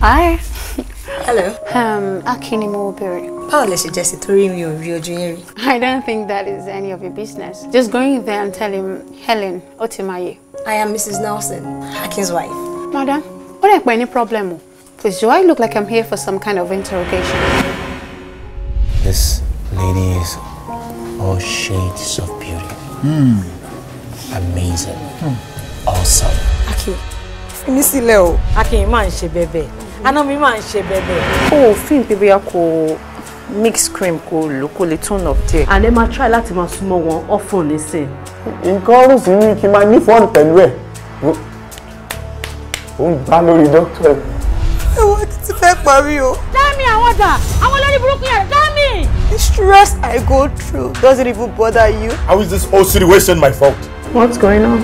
Hi. Hello. Um, Akini Mobiri. Paul suggested to ring of your jewellery? I don't think that is any of your business. Just go in there and tell him Helen Otimaye. I am Mrs. Nelson, Akin's wife. Madam, what any problem? Please, do I look like I'm here for some kind of interrogation? This lady is all shades of beauty. Mm. Amazing. Mm. Awesome. Akin, Missy Leo. Akin, man, she baby. aná mi máa ń ṣe bẹ̀bẹ̀. o ò fi ń pé bóyá mix cream kò lò kò lè turn up díẹ̀. and ẹ máa try láti máa súnmọ́ wọn ọ̀fun nísìn. nǹkan ọ̀rùn sí ni kí n máa ní fọ́ọ̀nù pẹ̀lú ẹ̀ ó ń bá lórí dókítà ẹ̀. ẹ̀wọ̀n ti ti fẹ́ parí o. dámì àwọn ọ̀dà àwọn olórí burúkú yẹn dámì. the stress I go through doesn't even bother you. How is this whole situation my fault? What's going on?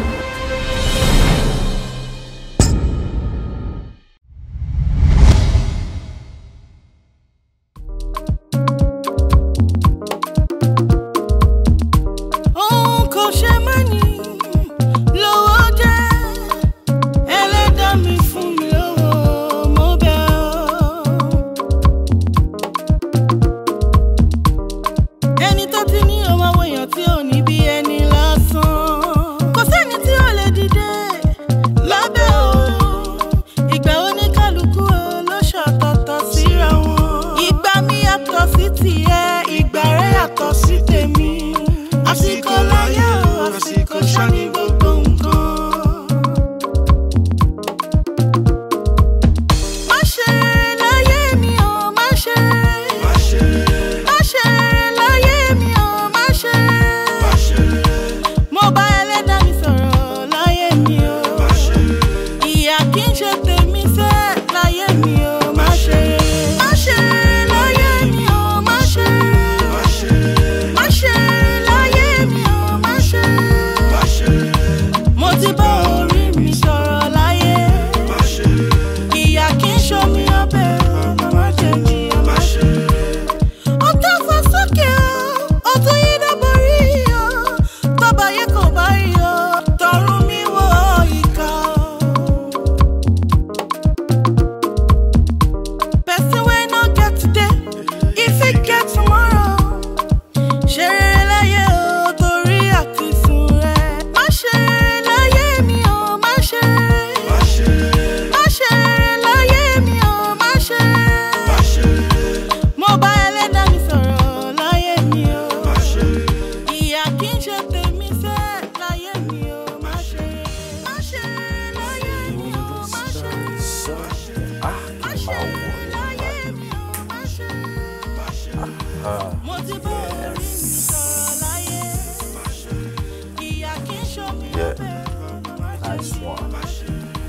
nice one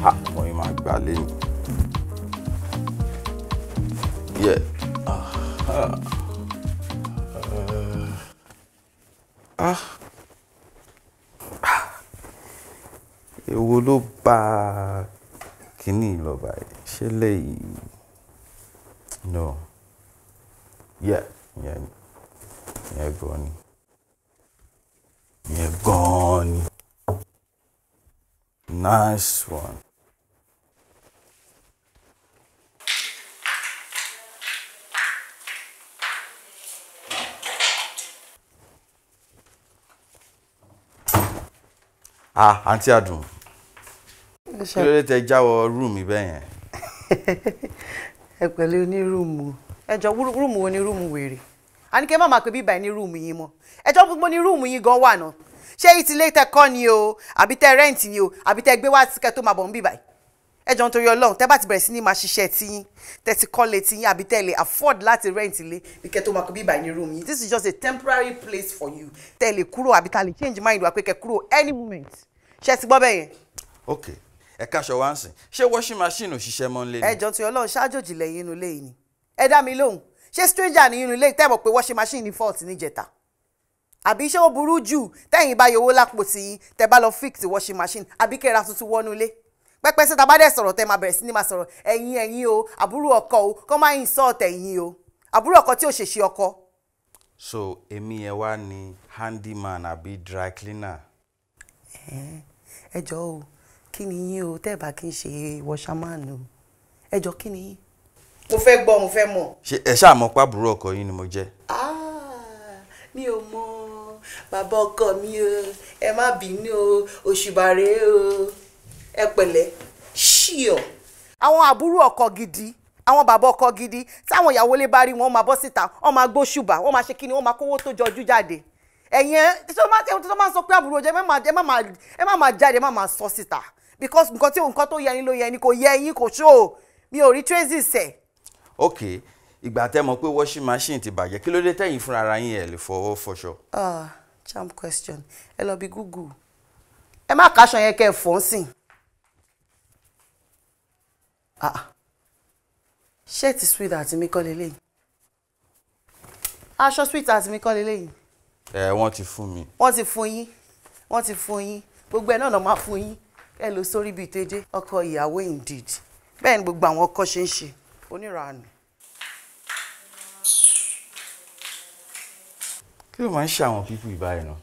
ha mo yín máa gbà lé mi yẹ ah èwo ah, ah. ló bá kínní lọ báyìí ṣé lẹ́yìn no yẹ yẹn yẹn gan ni yẹn gan ni. Nice one. Ah, àǹtí Adùn. Kí ló dé tẹ jáwọ́ rúùmù bẹ́ẹ̀ yẹn? Ẹ pẹ̀lú ní rúùmù. Ẹ jọ rúùmù wo ni rúùmù wèrè? A ní kí ẹ má máa pe bíbá ẹ ní gbogbo ní rúùmù ṣé yìí ti lé tẹ kọ́ ni o àbí tẹ rẹ́ǹtì ni o àbí tẹ gbé wá síkẹ́ tó máa bọ̀ ń bì báyìí ẹ jọ ń torí ọlọ́run tẹ bá ti bẹ̀rẹ̀ sí ní máa ṣiṣẹ́ tiyín tẹ ti kọ́ lé tiyín àbí tẹ lè afford láti rẹ́ǹtì lé bíkẹ́ tó máa kó bíbà ní room this is just a temporary place for you tẹ lè kúrò àbí ta lè change mind wa pé kẹ kúrò any moment ṣe ti gbọ́ bẹ́ẹ̀ yẹn. ok ẹ káṣọ wá ń sìn ṣé washing machine ò ṣiṣẹ́ mọ́ nílé ni. ẹ jọ ń torí ọlọ́run ṣáájòjì lẹ́yìn inú ilé yìí ni ẹ dá mi lóhùn ṣé stranger ní inú ilé tẹ́ mọ̀ pé washing machine ní fault níjẹta àbí ṣé ó burú jù tẹ́yìn bá yọwọ́ lápò tí tẹ́ bá lọ fix washing machine àbí kẹ́ra tuntun wọnú ilé pẹ́pẹ́ sí tabá sọ̀rọ̀ tẹ́ máa bẹ̀rẹ̀ sí ni máa sọ̀rọ̀ ẹ̀yin ẹ̀yin o àbúrò ọkọ o kọ́ máa insult ẹ̀yin o àbúrò ọkọ tí ò ṣèṣe ọkọ. so èmi yẹn wá ní handyman àbí dry cleaner. ẹ jọ̀ọ́ o kí ni yín o tẹ́ ẹ bá kí n ṣe washerman o ẹ jọ̀ọ́ kí ni yín. mo fẹ́ gbọ́ mo fẹ́ mọ̀. ẹ ṣáà mọ̀ pé ọkọ yín ni mo jẹ́. ah mi ò mọ bàbá ọkọ mi o ẹ má bínú o òṣùbà rèé o ẹ pẹ̀lẹ́ ṣíọ. àwọn àbúrò ọkọ gidi àwọn bàbá ọkọ gidi táwọn ìyàwó lè bá rí wọn máa bọ́ síta wọn máa gbó ṣùbà wọn máa ṣe kí ni wọn máa kówó tó jọjú jáde ẹ̀yin ẹ tó máa sọ pé àbúrò jẹ ẹ má máa jáde ẹ má máa sọ síta because nǹkan tí nǹkan tó yẹ ni ló yẹ ni kò yẹ yín kò ṣó mi ò rí traces ẹ. okay ìgbà tẹ́ mọ̀ pé washing machine ti bàjẹ́ kí ló dé tẹ̀yìn fúnra ara yín ẹ̀ lè fọwọ́ fọṣọ. ah charm question ẹ lọ bí google ẹ má kaṣọ yẹn kẹ́ ẹ fọ́n sìn. ṣéètì sweet àti mi kọ́ lélẹ́yìn aṣọ sweet àti mi kọ́ lélẹ́yìn. ẹ wọ́n ti fún mi. wọ́n ti fún yín wọ́n ti fún yín gbogbo ẹ̀ náà lọ́ máa fún yín ẹ lọ sórí bíi tẹ́jẹ́ ọkọ ìyàwó indeed bẹ́ẹ̀ ni gbogbo àwọn ọkọ ṣe ń ṣe oníranù. kí ló máa ń ṣe àwọn pípù ìbáyìí náà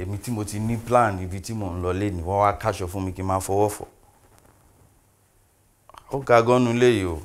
èmi tí mo ti ní plan ibi tí mò ń lọ léni wọ́n wá káṣọ fún mi kí n máa fọwọ́ fọ̀ ó ga gọ́nu léyìí o.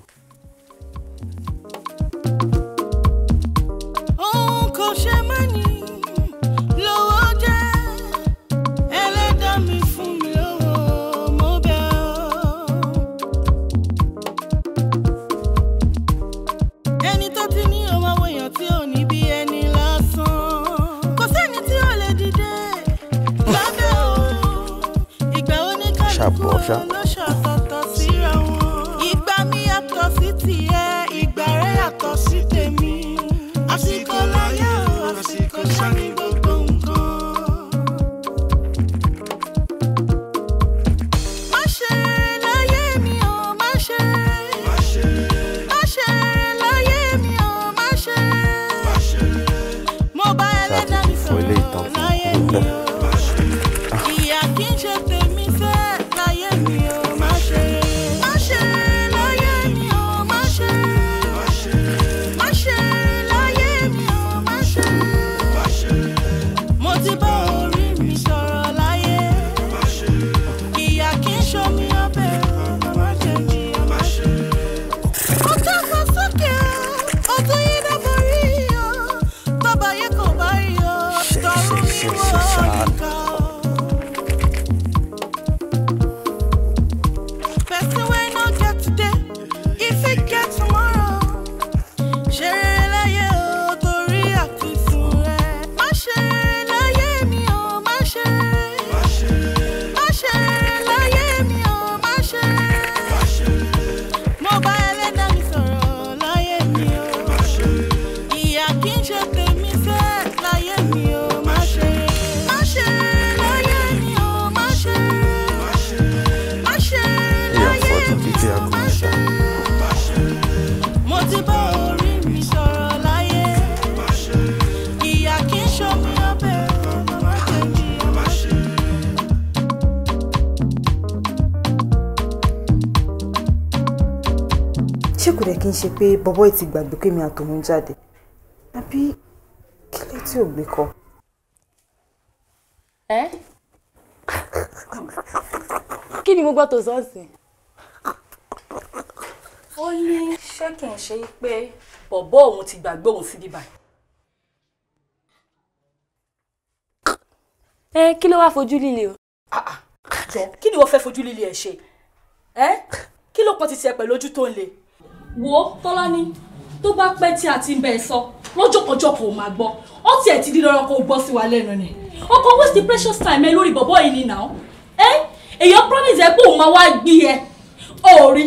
kí n ṣe pé bọ́bọ́ ti gbàgbé pé mi àtòun jáde àbí kí lè tí ò gbé kọ. ẹ kí ni mo gbọ́ tó sọ́ọ̀sì. ó ní ṣé kì í ṣe pé bọ̀bọ́ òun ti gbàgbé òun sí bíbá yìí. ẹ kí ló wá fojú líle o. Ah, ah. jọ kí ni wọ́n fẹ́ fojú líle ẹ̀ ṣe ẹ kí ló kàn ti ṣe pẹ̀lú ojú tó ń le wo Tọ́lání tó bá pẹ́ tí a ti ń bẹ ẹ sọ lọ́jọ́kọjọ́ kò máa gbọ́ ó tiẹ̀ ti di dandan kó gbọ́ sí wa lẹ́nu ni ọkọ̀ waste the precious time ẹ lórí bọ̀bọ̀ yìí ni now ẹ èèyàn promise ẹ pé òun máa wá gbé ẹ òòrí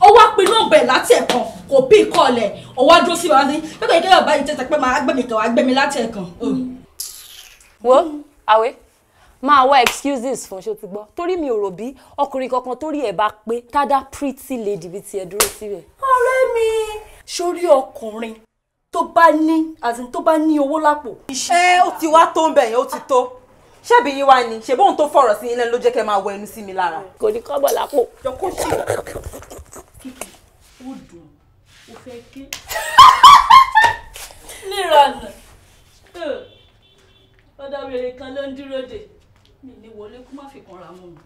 ó wá pinnu ọ̀bẹ láti ẹ̀kan kò bí ìkọlẹ̀ ó wá dúró sí wa ní pẹ́pẹ́ kí ọ̀bá yìí tẹ́tẹ́ pé máa gbẹ̀mí kan wá gbẹ̀mí láti ẹ̀kan. wo àwẹ̀ máa wá excuses fún ṣó ti gbọ́ torí mi ò rò bí ọkùnrin kankan torí ẹ̀ bá pé tádá pretty lady bíi tiẹ̀ dúró síbẹ̀. ọ̀rẹ́ mi sórí ọkùnrin tó bá ní àti tó bá ní owó lápò. ẹ ó ti wá tó ń bẹ̀ yẹn ó ti tó ṣebí yín wá ni ṣe bóun tó fọ̀rọ̀ sí ilé ló jẹ́ kẹ́ máa wọ ẹnu sí mi lára. kò ní kọ́bọ̀ lápò. jọkọ́ sí i kìkì ó dùn ó fẹ́ ké. níranà ọ̀dọ̀ wèrè kan ló ń dúró dè mi ní wọlé kó má fi kanra mọ́ mi.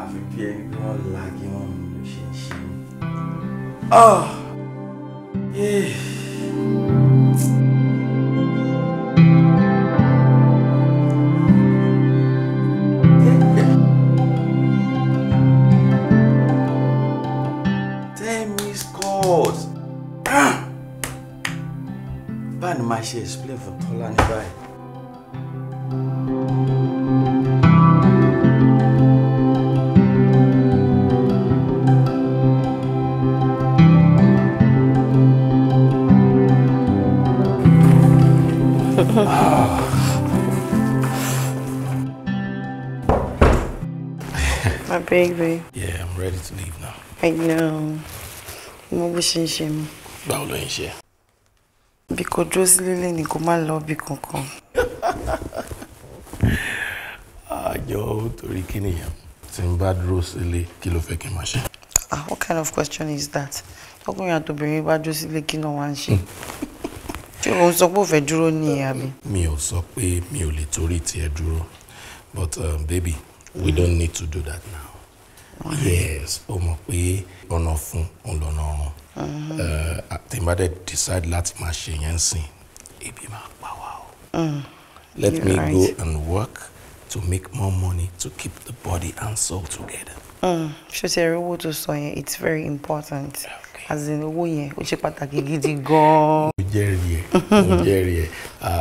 àfi bí ẹni pé wọ́n lagi wọn máa ṣe explain fún Tọ́lá ní báyìí. My baby. Yeah, I'm ready to leave now. I know. Mo bó ṣe ń ṣe mi. Báwo ló ń bí kò dúró sílé lẹ́ni kó má lọ bí kankan. àjọ torí kí nìyẹn tí n bá dúró sílé kí ló fẹ́ kí n máa ṣe. ah what kind of question is that ọkùnrin àtòbìnrin bá dúró sílé kí náà wá ń ṣe ṣé òun sọ pé ò fẹ́ dúró ní ìyá mi. mi ò sọ pé mi ò lè torí tiẹ̀ dúró but um, baby we don't need to do that now. yes o mọ̀ pé ọ̀nà fún òun lọ́nà ọ̀run. Eh, tí n bá dẹ̀ decide láti máa ṣe yẹn sìn ebi máa pa wá o. Mm. let me right. go and work to make more money to keep the body and soul together. Mm. ṣètò ẹ̀rọ owó tó sọ yẹn it's very important as in owó yẹn ó ṣe pàtàkì gidi gan-an. mo jẹ́rìí ẹ̀ mo jẹ́rìí ẹ̀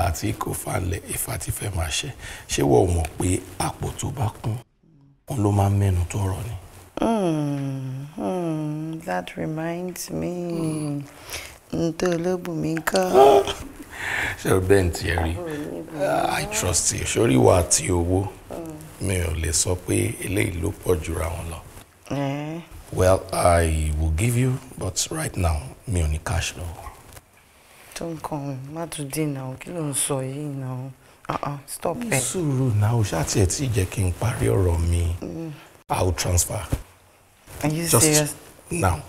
àti kò falẹ̀ ifá ti fẹ́ máa ṣe ṣé wọ́n mọ̀ pé àpò tó bá kún òun ló máa mẹ́nu tó rọ ni. Mm, that reminds me. Ntọ́ olóbùnmi kọ́. Ṣé bẹ́ẹ̀ ti rí? Ah, I trust you. Ṣorí ìwà àti owó hmm. mi ò lè sọ pé eléyìí ló pọ̀ jura wọn lọ. Eh? Well, I will give you, but right now, mi ò ní cash lọ́wọ́. Tó ń kàn mí, má tún dín náà, kí ló ń sọ yìí náà? Uh-uh, stop ẹ̀. Sùúrù náà, o ṣáà tiẹ̀ tí ì jẹ́ kí n parí ọ̀rọ̀ mi. I hmm. will transfer. Are you Just serious? Now.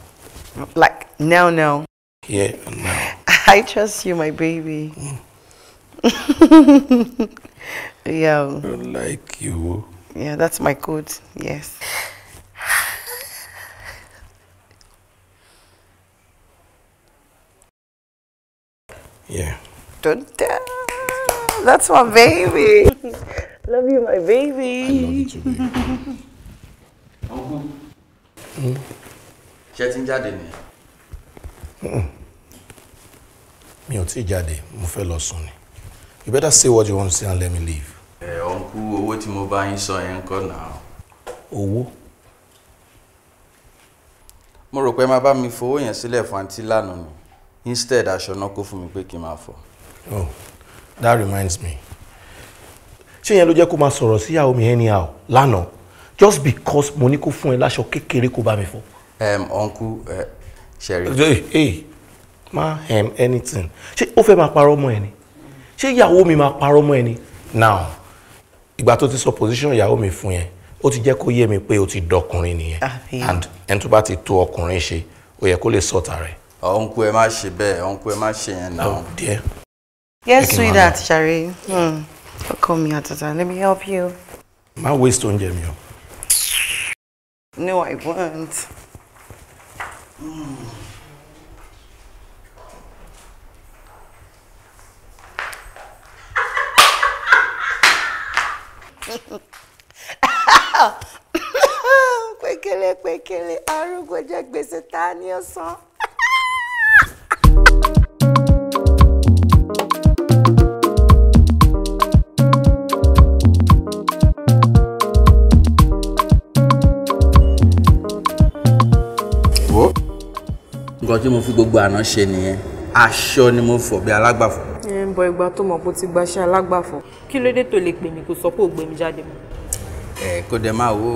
Like now, now. Yeah, now. I trust you, my baby. Mm. yeah. Like you. Yeah, that's my code. Yes. Yeah. Don't dun That's my baby. Love you, my baby. ṣé ti ń jáde ni. mi ò tí ì jáde mo fẹ́ lọ sùn ni you better say what you want to say and let me leave. ẹ ọ̀nkú owó tí mo bá yín sọ yẹn ń kọ́ náà. owó. mo rò pé máa bá mi fowó yẹn sílẹ̀ fún àǹtí lánàá ni instead aṣọ náà kó fún mi pé kí n máa fọ. oh that reminds me ṣé yẹn ló jẹ́ kó máa sọ̀rọ̀ síyàwó mi anyhow lánàá just because money mo ní kó fún ẹ láṣọ kékeré kó bá mi fọ. ọ̀nkú eh, Hey, ma, um, anything ṣé ó fẹ́ máa parọ́ mọ́ ẹ ni ṣé ìyàwó mi máa parọ́ mọ́ ẹ ni now ìgbà tó ti sọ position ìyàwó mi fún yẹn ó ti jẹ́ kó yé mi pé ó ti dọkùnrin nìyẹn and ẹni tó bá ti tó ọkùnrin ṣe ó yẹ kó lè sọ̀tà rẹ̀. ọ̀nkú ẹ má ṣe bẹ́ẹ̀ ọ̀nkú ẹ má ṣe yẹn náà. oh dear. yes sweetheart Shari hmm. ọkọ mi àtàtà let me help you. má waste oúnjẹ mi o. No, I won't. Mm. pékélé pékélé arúgbó jẹ gbèsè ta ni wò ó nǹkan tí mo fi gbogbo àná ṣe nìyẹn aṣọ ni mo fọ̀ bí alágbàfọ̀. ẹ ń bọ ìgbà tó mọ̀ pé ó ti gbaṣẹ́ alágbàfọ̀ kí ló dé tó lè pè mí kó sọ pé ò gbé mi jáde mọ́. ẹ kó dẹ máa wo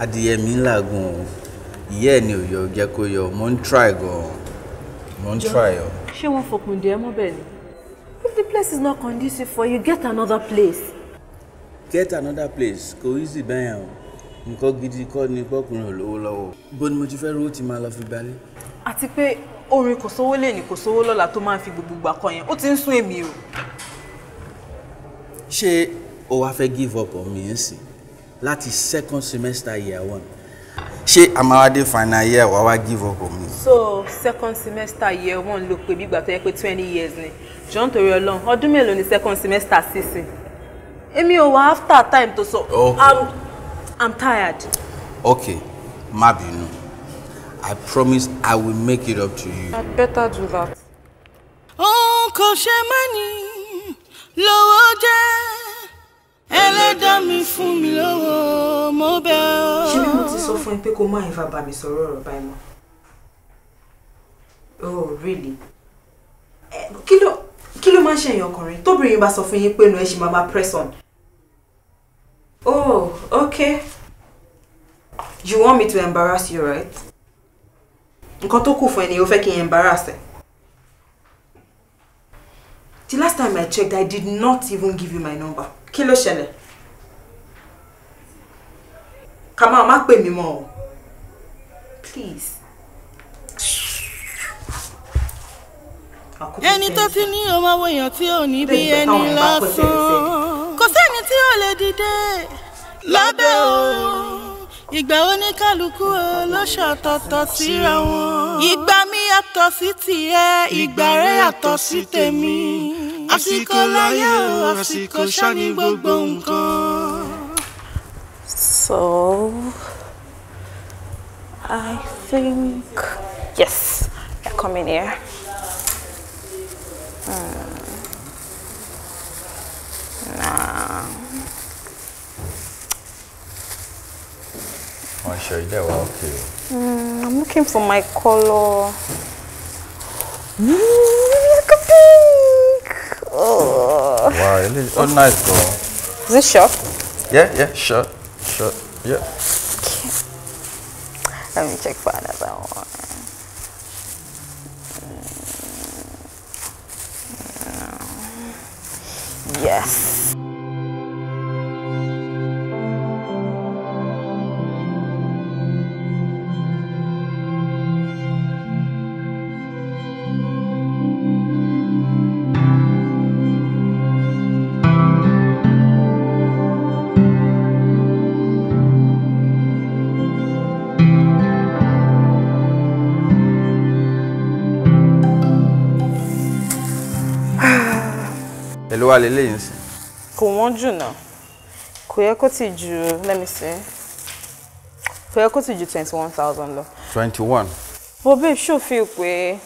adìyẹ mi ń làágùn o ìyá ẹ ni ò yọ jẹ kó yọ mo ń try gan mo ń try ọ. ṣé wọn fòpin dè ẹ́ mọ́ bẹ́ẹ̀ ni. if the place is not conducive for you get another place. get another place kò easy bẹ́ẹ̀ o nǹkan gidi kọ́ ni pọ́kùnrin ò lówó lọ́wọ́ bó ni mo ti fẹ́ rówó ti máa lọ fi gbalé. àti pé orin kò sówó lè ní kò sówó lọ́la tó máa fi gbogbo gbà kan yẹn ó ti ń sún èmi o. ṣé o wá fẹ́ give up on me ń sìn láti second semester year one ṣé amáwádé final year wàá wá give up on me. so second semester year one ló pé bígbà tó yẹ pé twenty years ni john torí Ọlọ́run ọdún mélòó ni second semester sísìn èmi ò wá after time tó sọ. okay. Um, I'm tired. Okay, má I promise I will make it up to you. I'd better do that. Oh, kò ṣe mẹ́ni lówó dami ẹlẹ́dàá mi fún mi lówó mo bẹ̀ ọ́. Ṣé bí mo ti sọ fún ẹ pé kó má ìfà bá mi sọ̀rọ̀ ọ̀rọ̀ báyìí mọ́? Oh, really? Eh, kí ló kí ló máa ń ṣe èèyàn ọkùnrin tóbìnrin bá sọ fún yín pé nu ẹ ṣì máa máa press on? Oh, okay. You want me to embarrass you, right? Nǹkan tó kù fún ẹ ni o fẹ́ kí embarrass ẹ. The last time I checked, I did not even give you my number. Kí ló ṣẹlẹ̀? Ká máa má pè mí mọ́ o. Please. Ẹni tó ti ní ọmọ wọ̀nyàn tí ò ní bí ẹni tí ò lè dìde lábẹ́ o ìgbà oníkálukú o ló ṣọ̀tọ̀tọ̀ síra wọn. ìgbà mi yàtọ̀ sí tiẹ̀ ìgbà rẹ̀ yàtọ̀ sí tèmi. àsìkò láyé o sira won igba mi yato si tie igba ṣáni gbogbo nǹkan. So, I think, yes, I come in here. Hmm. Nah. sure they were okay. Mm, I'm looking for my color. Mm, like a pink. Oh. Wow, it is, oh nice girl. Is it short? Yeah, yeah, short, short, yeah. Okay. Let me check for another one. Mm. Mm. Yes. wá lélẹ́yìn sí. kò wọ́n jù kò yẹ kó ti ju let me see kò yẹ kó ti ju twenty one thousand lọ. twenty one. bó babe ṣó fi pé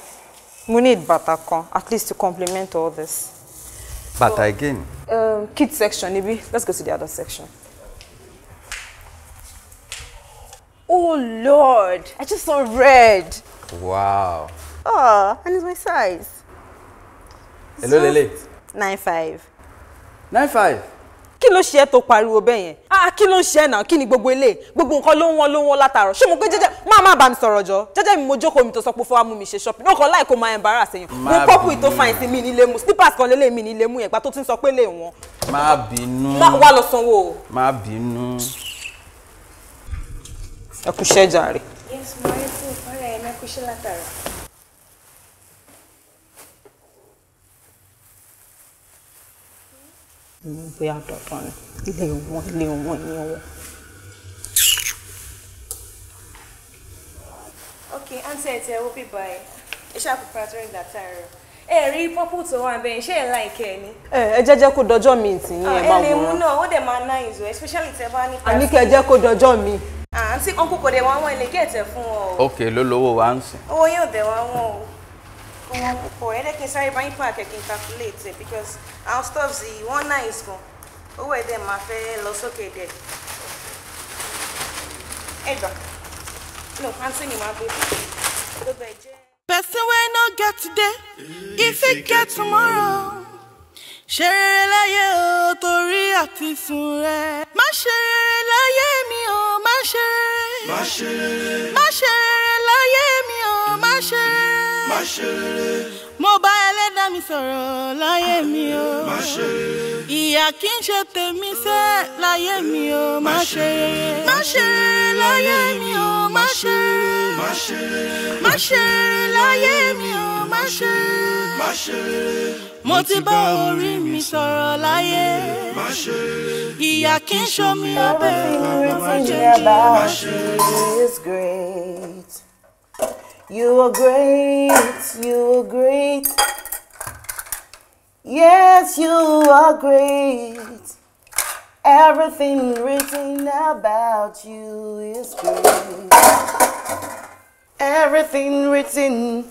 mo need bàtà kan at least to complement all this. bàtà so, again. Um, kids section níbí let's go to the other section. Oh Lord, I just saw red. Wow. Oh, and it's my size. Hello, so, Lele nine five. nine five. kí ló ṣe é tó pariwo bẹ́ẹ̀ yẹn ah kí ló ń ṣe é náà kí ni gbogbo eléyìí gbogbo nǹkan ló ń wọ́n ló ń wọ́n látàárọ̀ ṣé mo pé jẹ́jẹ́ má má bá mi sọ̀rọ̀ jọ jẹ́jẹ́ mi mo jókòó mi tó sọ pé fọwọ́ mú mi ṣe shopping náà kan láì kó máa embarrass èèyàn mo pọ́pù ìtò fine sí mi nílé mu slippers kan lélẹ̀ mi nílé mu yẹn tó ti ń sọ pé lè wọ́n. má bínú wá lọ sanwó o. bínú. ẹ kú ṣẹ́ jàre. yes mo rí fún ọ̀rẹ́ ẹ̀ mẹ́kúṣẹ́ látàrà. bóyá dọ̀tọ̀ ni ilé wọn ilé wọn ilé wọn. ok aunty ẹ tẹ ẹ wo bíbá ẹ ẹ ṣáà preparatory that time ẹ rí pọ́pù tó wà bẹ́ẹ̀ ṣé ẹ láìkẹ́ ni. ẹ jẹ́ jẹ́ kó dọjọ́ mi tì yín ah, ẹ máa wọ̀ ọ́. ẹ lè mú náà ó dẹ̀ máa ná ìzò especially tẹ bá ní. àní kẹ jẹ́ kó dọjọ́ mi. àǹtí ah, ọkùnkùn dẹ̀ wá wọn ẹ lè gé ẹ̀tẹ̀ fún ọ. ok ló lówó wa ń sìn. owó yóò dẹ̀ wá o kó wọ́n púpọ̀ ẹ jẹ́ kí n sáré bá yín pààkẹ́ kí n calculate because our stuffs yìí wọ́n nice gan owó ẹ̀ dẹ̀ máa fẹ́ lọ sókè dẹ̀ ẹ gbà no àǹtí mi máa bójú gbogbo ẹ̀ jẹ́. person wey no get today if it get tomorrow ṣe rere láyé o torí àti sùn rẹ má ṣe rere láyé mi o má ṣe rere má ṣe láyé mi o má ṣe má ṣeré. mo bá ẹlẹ́dàá mi sọ̀rọ̀ láyé mi o. má ṣeré. ìyà kì í ṣe tèmi sẹ́ láyé mi o. má ṣeré. má ṣeré láyé mi o. má ṣeré. má ṣeré. má láyé mi o. má ṣeré. má ṣeré mo ti bá orí mi sọ̀rọ̀ láyé. ìyá kì í ṣomi ọbẹ̀ ìrìn fún jẹ́jẹ́. It's great. You are great, you are great. Yes, you are great. Everything written about you is great. Everything written.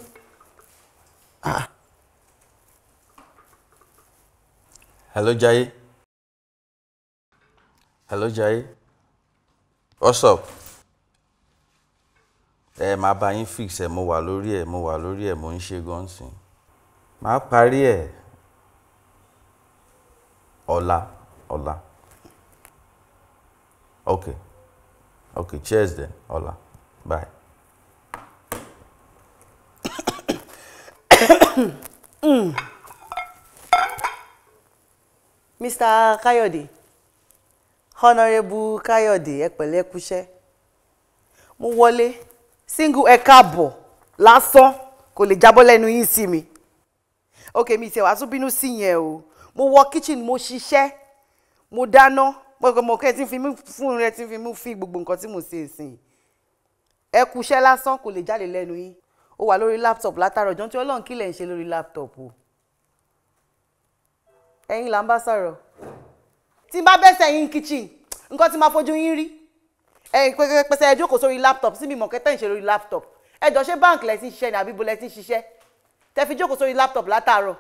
Ah. Hello, Jai. Hello, Jai. What's up? ẹ máa bá yín fix ẹ mo wà lórí ẹ mo wà lórí ẹ mo ń ṣe gan sìn máa parí ẹ ọ̀la ọ̀la ok ok cheers then ọ̀la bye. Mr. Kayode Honorable Kayode ẹ pẹ̀lẹ́ mo wọlé. single ẹ káàbọ̀ lásán kò lè jábọ́ lẹ́nu yín sí mi ok mi tiẹ̀ tún bínú sí yẹn o mo wọ kitchen mo ṣiṣẹ́ mo dáná mo kẹ́ ẹ ti fi mí fún rẹ ti fi mí fi gbogbo nǹkan tí mo ṣe ìsìn ẹ kúṣẹ́ lásán kò lè jáde lẹ́nu yín ó wà lórí laptop látàrọ̀ jọ́n tí ọlọ́run kílẹ̀ ń ṣe lórí laptop o ẹ̀yin là ń bá sọ̀rọ̀ tí n bá bẹ́sẹ̀ yín kitchen nǹkan tí máa fojú yín rí ẹ pẹsẹ ẹ jókòó sórí laptop sí mi mọ̀ kẹ́tẹ́ ń lórí laptop ẹ jọ bank báǹkì lẹ́sìn ṣiṣẹ́ ni àbí bo lẹ́sìn ṣiṣẹ́ tẹ fi jókòó sórí laptop látàárọ̀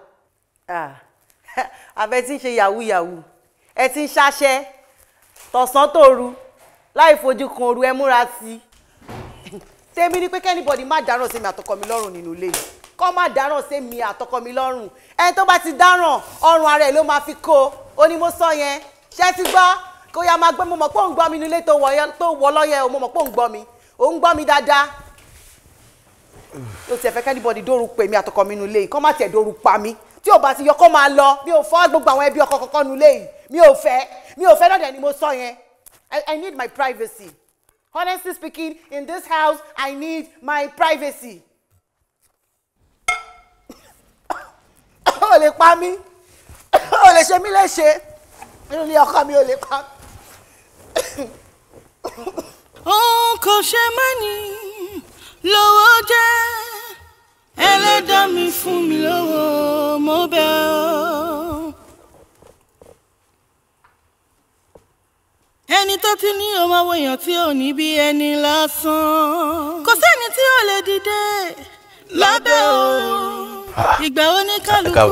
àbẹ tí ń ṣe yahoo yahoo ẹ ti ń ṣaṣẹ tọ̀sán tòru láì fojú kan òru ẹ múra sí i tèmi ni pé kẹ́nìbọ̀dì má dáràn sí mi àtọkọ mi lọ́rùn nínú ilé yìí kọ́ má dáràn sí mi àtọkọ mi lọ́rùn ẹni tó bá ti dáràn ọrùn ara ẹ̀ ló máa fi kó o ni mo sọ yẹn ṣé ti gbọ́ kó yá máa gbé mo mọ̀ pé òun gbọ́ mi nílé tó wọ lọ́yẹ o mo mọ̀ pé òun gbọ́ mi òun gbọ́ mi dáadáa o tiẹ̀ fẹ́ kẹ́nìbọ̀dì dóoru pè mí àtọkọ mi nílé yìí kọ́ má tiẹ̀ dóoru pa mí tí ò bá ti yọ kó máa lọ mi ò fọ́ gbogbo àwọn ẹbí ọkọ kọ́kọ́ nílé yìí mi ò fẹ́ mi ò fẹ́ lọ́dẹ̀ ni mo sọ yẹn I need my privacy honestly speaking in this house I need my privacy. o lè pa mí o lè ṣe mí léṣe nílé ọkọ mi o lè pa mí òun kò ṣe mọ́ni lówó jẹ́ ẹlẹ́dàá mi fún mi lówó mo bẹ̀ ọ́. ẹni tó ti ní ọmọ àwọn èèyàn tí ò ní bí ẹni lásán kò sẹ́ni tí ò lè dìde lábẹ́ òòrùn ah, ah, ìgbà wo ní kálukú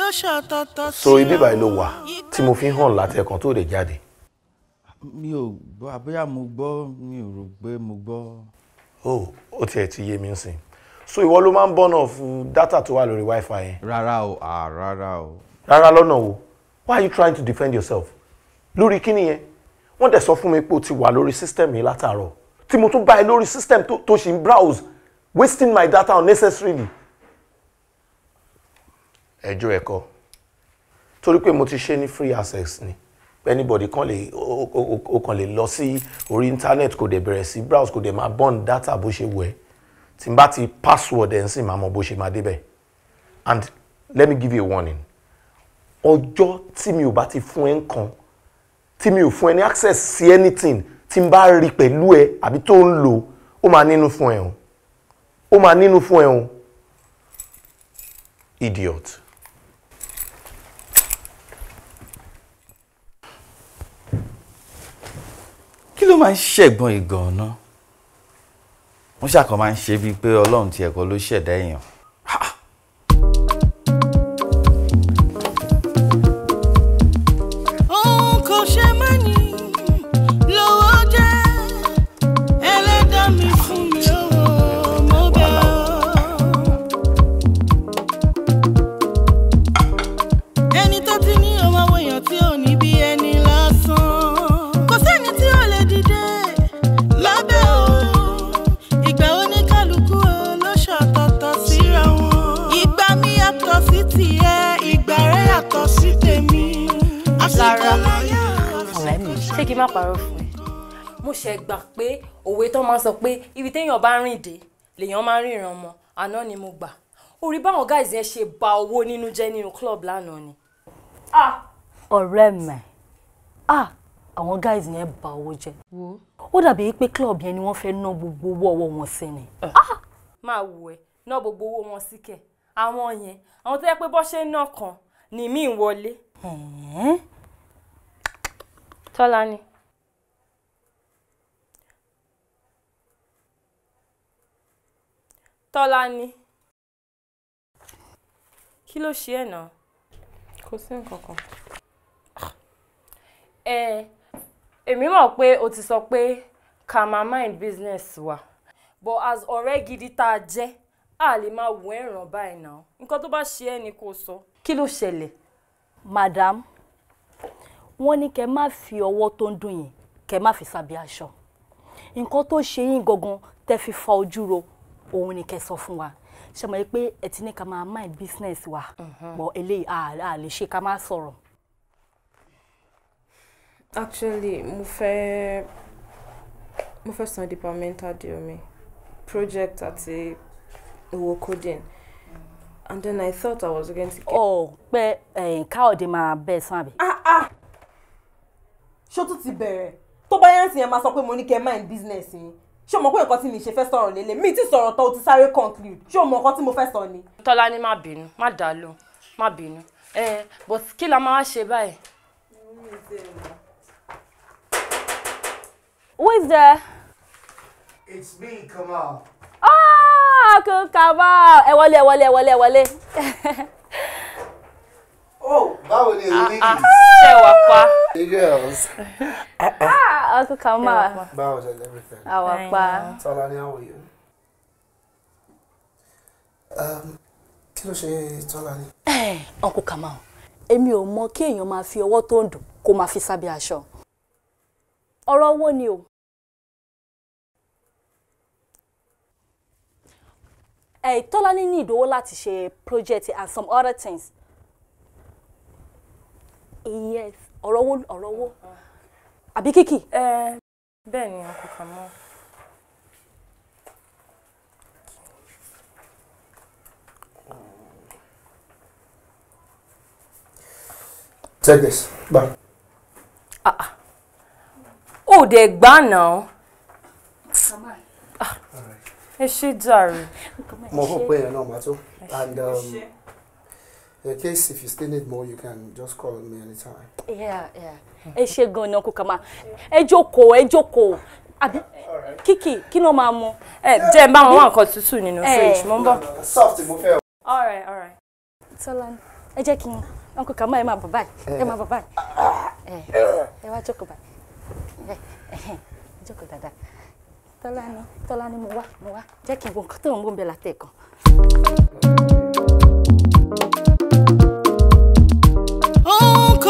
ló ṣàtọ̀tọ̀ sí i. so ibi báyìí ló wà tí mo fi hàn láti tó lè jáde mi ò gbọ́ àbúyá mo gbọ́ mi ò rò pé mo gbọ́. o ò tiẹ̀ ti yé mi ń sìn so ìwọ ló máa ń bọ́nà fún dátà tó wà lórí fi yẹn. rárá o ah rárá o. rárá lọ́nà wo why are you trying to defend yourself lórí kíni yẹn wọ́n dẹ̀ sọ fún mi pé o ti wà lórí system yìí látàárọ̀ tí mo tún bá ẹ lórí system tó ṣì ń browse wasting my data unnecessarily. ẹjọ́ ẹ̀kọ́ torí pé mo ti ṣe ní free access ni anybody kan lè o kan lè lọ sí orí internet kò dẹ̀ bẹ̀rẹ̀ sí browse kò dẹ̀ máa burn data bó ṣe wù tí n bá ti password ẹ̀ ń sìn máa mọ bó ṣe máa débẹ̀ and let me give you a warning ọjọ́ tí mi ò bá ti fún ẹ nǹkan tí mi ò fún ẹ ní access sí anything tí n bá rí pẹ̀lú ẹ àbí tó ń lò ó máa nínú fún ẹ o ó máa nínú fún ẹ o idiot. kí ló máa ń ṣẹ̀gbọ́n ìgànná wọ́n ṣàkàn máa ń ṣe bíi pé ọlọ́run ti ẹ̀kọ́ ló ṣẹ̀dá èèyàn kí má parọ́ fún ẹ mo ṣe gbà pé òwe tó máa sọ pé ibi téèyàn bá rìn dé lèèyàn máa ríran mọ àná ni mo gbà orí báwọn guys yẹn ṣe ba owó nínú jẹ́ nínú club lánàá ni. ọ̀rẹ́ mi àwọn guys yẹn ba owó jẹ́ ó dàbí pé club yẹn ni wọ́n fẹ́ ná gbogbo owó ọwọ́ wọn sí ni. máa wù ẹ́ ná gbogbo owó wọn sí kẹ̀ àwọn yẹn àwọn tó yẹ pé bọ́ ṣe ń ná kan ni mí wọlé. Tolani, Tolani, Tọ́lá ni. Kí ló ṣe ẹ̀ náà? Kò sí nǹkan kan. Ẹ èmi mọ̀ pé o ti sọ pé ká máa mind business wa but as ọ̀rẹ́ gidi tá a jẹ́ a lè máa wọ ẹ̀ràn báyìí náà nǹkan tó bá ṣe ẹ́ ni kò sọ. Kí ló ṣẹlẹ̀? Madam wọ́n ní kẹ́ má fi ọwọ́ tó ń dùn yín kẹ́ má fi sábẹ́ aṣọ nǹkan tó ṣe yín gangan tẹ́ fi fa ojú ro òun ni kẹ́ sọ fún wa ṣe mọ̀ pé ẹ ti ní ká máa mind business wa mhm. bọ̀ eléyìí a lè ṣe ká má sọ̀rọ̀. actually mo fẹ́ mo fẹ́ san departmental deal mi project àti owó coding and then I thought I was going to get. ọ̀pẹ oh, eh, káyọ̀dé máa bẹ́ẹ̀ sàn àbí. ah ah ṣó tún ti bẹ̀rẹ̀ tó bá yẹn sì yẹn máa sọ pé mo ní kẹ́ ẹ mind business yín ṣé o mọ̀ pé nǹkan tí mi ṣe fẹ́ sọ̀rọ̀ lélẹ̀ mi ti sọ̀rọ̀ tán o ti sáré conclude ṣé o mọ̀ nǹkan tí mo fẹ́ sọ ni. tọ́lá ni má bínú má dà á lò má bínú ẹ but kí la máa ṣe báyìí. who is there. it's me Kamal. ah Kamal ẹ wọlé ẹ wọlé ẹ wọlé ẹ wọlé. Oh, báwo ni èyí nìyí. ṣe wà hey girls. ah uncle Kamal. báwo ṣe everything. àwà pa. how are you. Um, kí ló ṣe tọ́lá ni. Eh, uncle Kamal èmi ò mọ kí èèyàn máa fi ọwọ́ tó ń dùn kó máa fi sábẹ́ aṣọ ọ̀rọ̀ owó ni o. ẹ̀ eh, tọ́lá ní ní ìdówó láti ṣe project and some other things yes ọ̀rọ̀ owó ọ̀rọ̀ owó ah, ah. àbí kìkì. Eh, bẹ́ẹ̀ ni ọkọ̀ kan mọ́. take this gba. Ah, ó dẹ̀ gbá náà ẹ ṣe jàre. mo hope pé ẹ náà máa tó and. Um, In case if you still need more, you can just call on me anytime. Yeah, yeah. Ẹ ṣé gan-an náà kò kà máa. Ẹ jókòó, ẹ jókòó. Àbí Kiki, kí ló máa mu? Eh. jẹ́ n bá wọn wá nǹkan tútù nínú eh. fridge, mo ń bọ̀. Soft mo fẹ́ o. All right, all right. Tọ́lá, ẹ jẹ́ kí n ọkọ̀ kà máa ẹ máa bọ̀ báyìí. Eh. Ẹ máa Eh. báyìí. Ẹ wá jókòó Eh. eh jókòó dáadáa. Tọ́lá ni Tọ́lá ni mo wá mo wá. Jẹ́ kí n wo nǹkan tó ń wọ́n bẹ̀ látẹ̀kọ̀.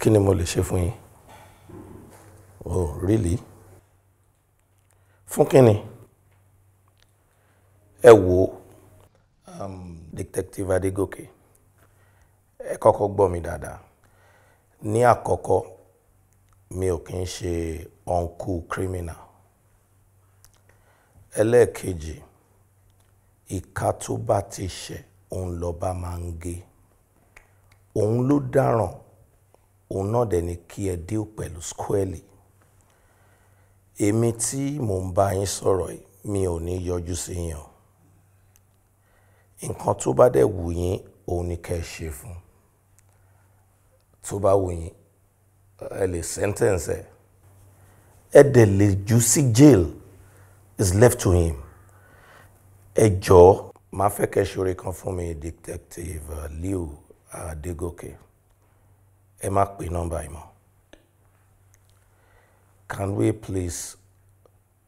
kí ni mo lè ṣe fún yín oh really fún kí ẹ wo um, detective adigoke, ẹ kọ́kọ́ gbọ́ mi dáadáa ní àkọ́kọ́ mi ò kí ń ṣe uncle criminal ẹlẹ́ẹ̀kejì ìka tó bá ti ṣẹ̀ òun lọ́ba máa ń gé òun ló dáràn òun náà dẹ̀ ni kí ẹ deal pẹ̀lú squarely èmi tí mò ń bá yín sọ̀rọ̀ yìí mi ò ní yọjú sí yàn nǹkan tó bá dẹ̀ wù yín òun ni kẹ́ ẹ ṣe fún tó bá wù yín ẹ lè sentence ẹ ẹ dẹ̀ lè jù sí jail is left to him ẹ jọ̀ọ́ máa fẹ́ kẹ́ ṣoore kan fún mi detective uh, Liu Adegoke. Uh, ẹ má pe nọ́mbà yìí mọ́ can we please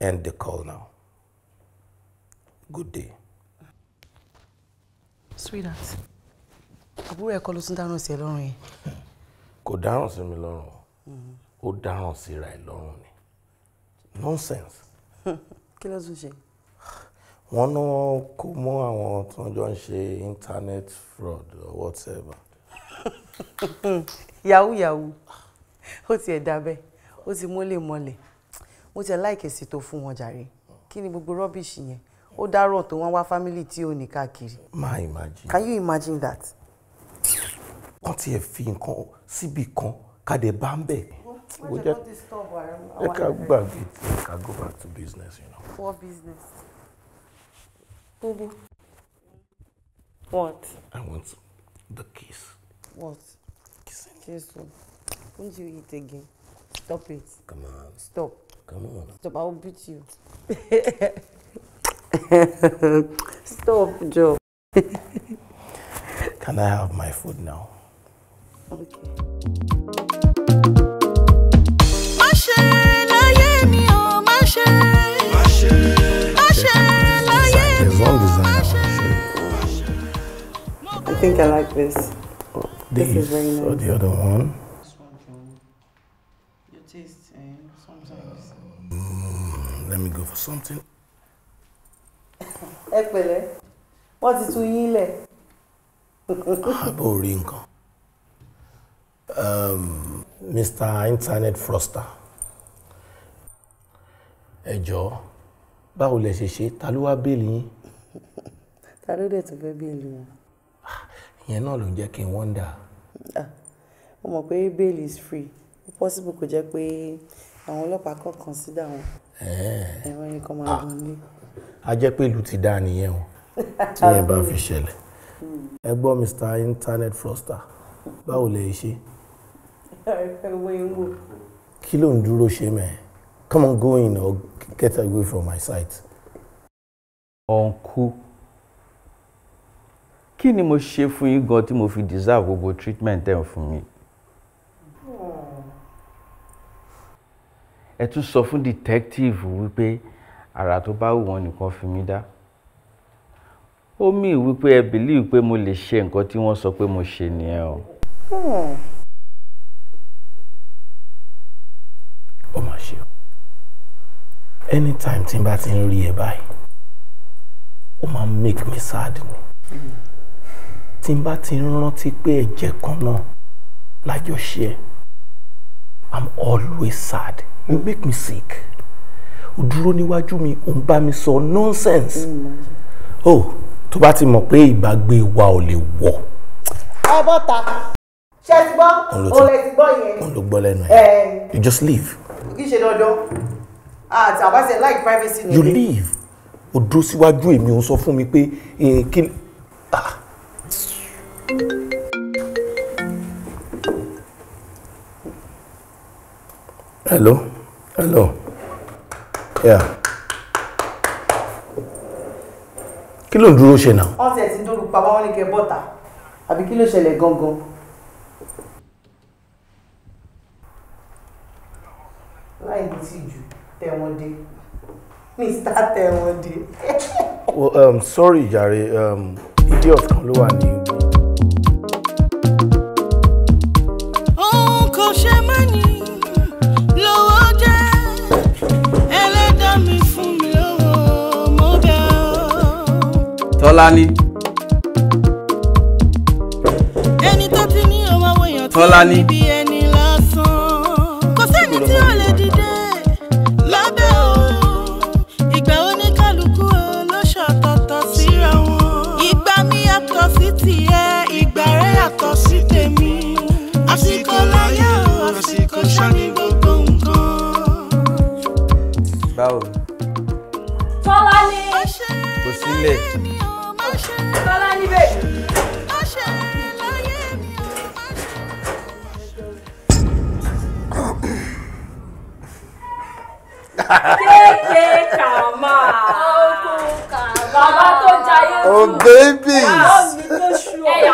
end the call now good day. sweetheart àbúrò ẹ̀ kọ́ ló tún dáràn sí ẹ lọ́rùn yìí. kò dáràn sí mi lọ́rùn ó dáràn síra ẹ lọ́rùn ni nonsense. kí ló tún ṣe wọ́n ná kó mọ́ àwọn tó ń jọ ń ṣe internet fraud or whatever yahoo yahoo ó tiẹ̀ dábẹ́ ó ti mólè mọlẹ̀ mo tiẹ̀ láìkè sí tó fún wọn jàre kí ni gbogbo rọ́bìṣì yẹn ó dárọ̀ tó wọ́n wá fámílì tí ò ní káàkiri. máa imagine. can you imagine that. kàn tiẹ̀ fi nǹkan síbì kan kàdé bá ń bẹ̀ we just ẹ ká gbàgbé ẹ ká go back to business you know. for business. Bubu. What? I want the kiss. What? Kissing. Kiss him. Won't you eat again? Stop it. Come on. Stop. Come on. Stop. I will beat you. Stop, Joe. Can I have my food now? Okay. I think I like this. This, this is very nice. the other one. Um, let me go for something. Ẹ What wọ́n ti tún yín lẹ̀. Àbò ah, rí Mr. Um, Internet Froster, ẹ jọ̀ọ́, báwo lẹ ṣe ṣe? Ta ló wá béèlì yín? Ta ló dẹ̀ tún fẹ́ béèlì wọn? yẹn náà ló ń jẹ́ kí n wọ́ndà. Ah, mo mọ̀ pé bail is free ó possible kò jẹ́ pé àwọn ọlọ́pàá kan consider wọn ẹ̀rọ yẹn kan máa dùn ah. ní. a jẹ́ pé ìlú ti dáa nìyẹn o tí yẹn bá fi ṣẹlẹ̀ hmm. ẹ gbọ́ Mr. Internet Fraudster báwo lè ṣe. kí ló ń dúró ṣe mẹ́ẹ̀ come on go in or get away from my sight. uncle kí ni mo ṣe fún yín gan tí mo fi deserve gbogbo treatment ẹ̀ fún mi. ẹ tún sọ fún detective wípé àrà tó bá wù wọ́n nìkan fi mí dá ó mì wípé ẹ believe pé mo lè ṣe nǹkan tí wọ́n sọ pé mo ṣe nìyẹn o. ó mà ṣe o anytime tí n bá ti ń rí ẹ báyìí ó máa ń make me sad ni. Mm tí n bá ti ń rántí pé ẹ̀jẹ̀ kan náà lájọṣe i'm always sad you make me sick o dúró níwájú mi ò ń bá mi sọ nonsense oh tó bá ti mọ̀ pé ìgbàgbé wa ò lè wọ̀. ẹ bọ́ ta ṣe ti gbọ́ òun lè ti gbọ́ yẹn. òun ló gbọ́ lẹ́nu ẹ̀ you just leave. kì í ṣe dandan àti àbáṣe like privacy. you leave o dúró síwájú èmi ò sọ fún mi pé eh, kí ah hello hello yeah kí ló ń dúró ṣe náà. wọ́n ti ẹ̀ ti ń dórúkọ àwọn wọn ní kẹ́ bọ́ta àbí kí ló ṣẹlẹ̀ gangan. láì ní tí jù tẹ̀wọ̀n dé mr tẹ̀wọ̀n dé. Um, sorry jàre um, idiot kan ló wà ní. Tọ́lání. ẹni kò sẹ́ni tí ó lè. ṣá ní gbogbo nǹkan. báwo. tọ́lá ni kò sílẹ̀. tọ́lá ní bẹ́ẹ̀. kéèké kàmá ọkọ kàmá tó jayé oh,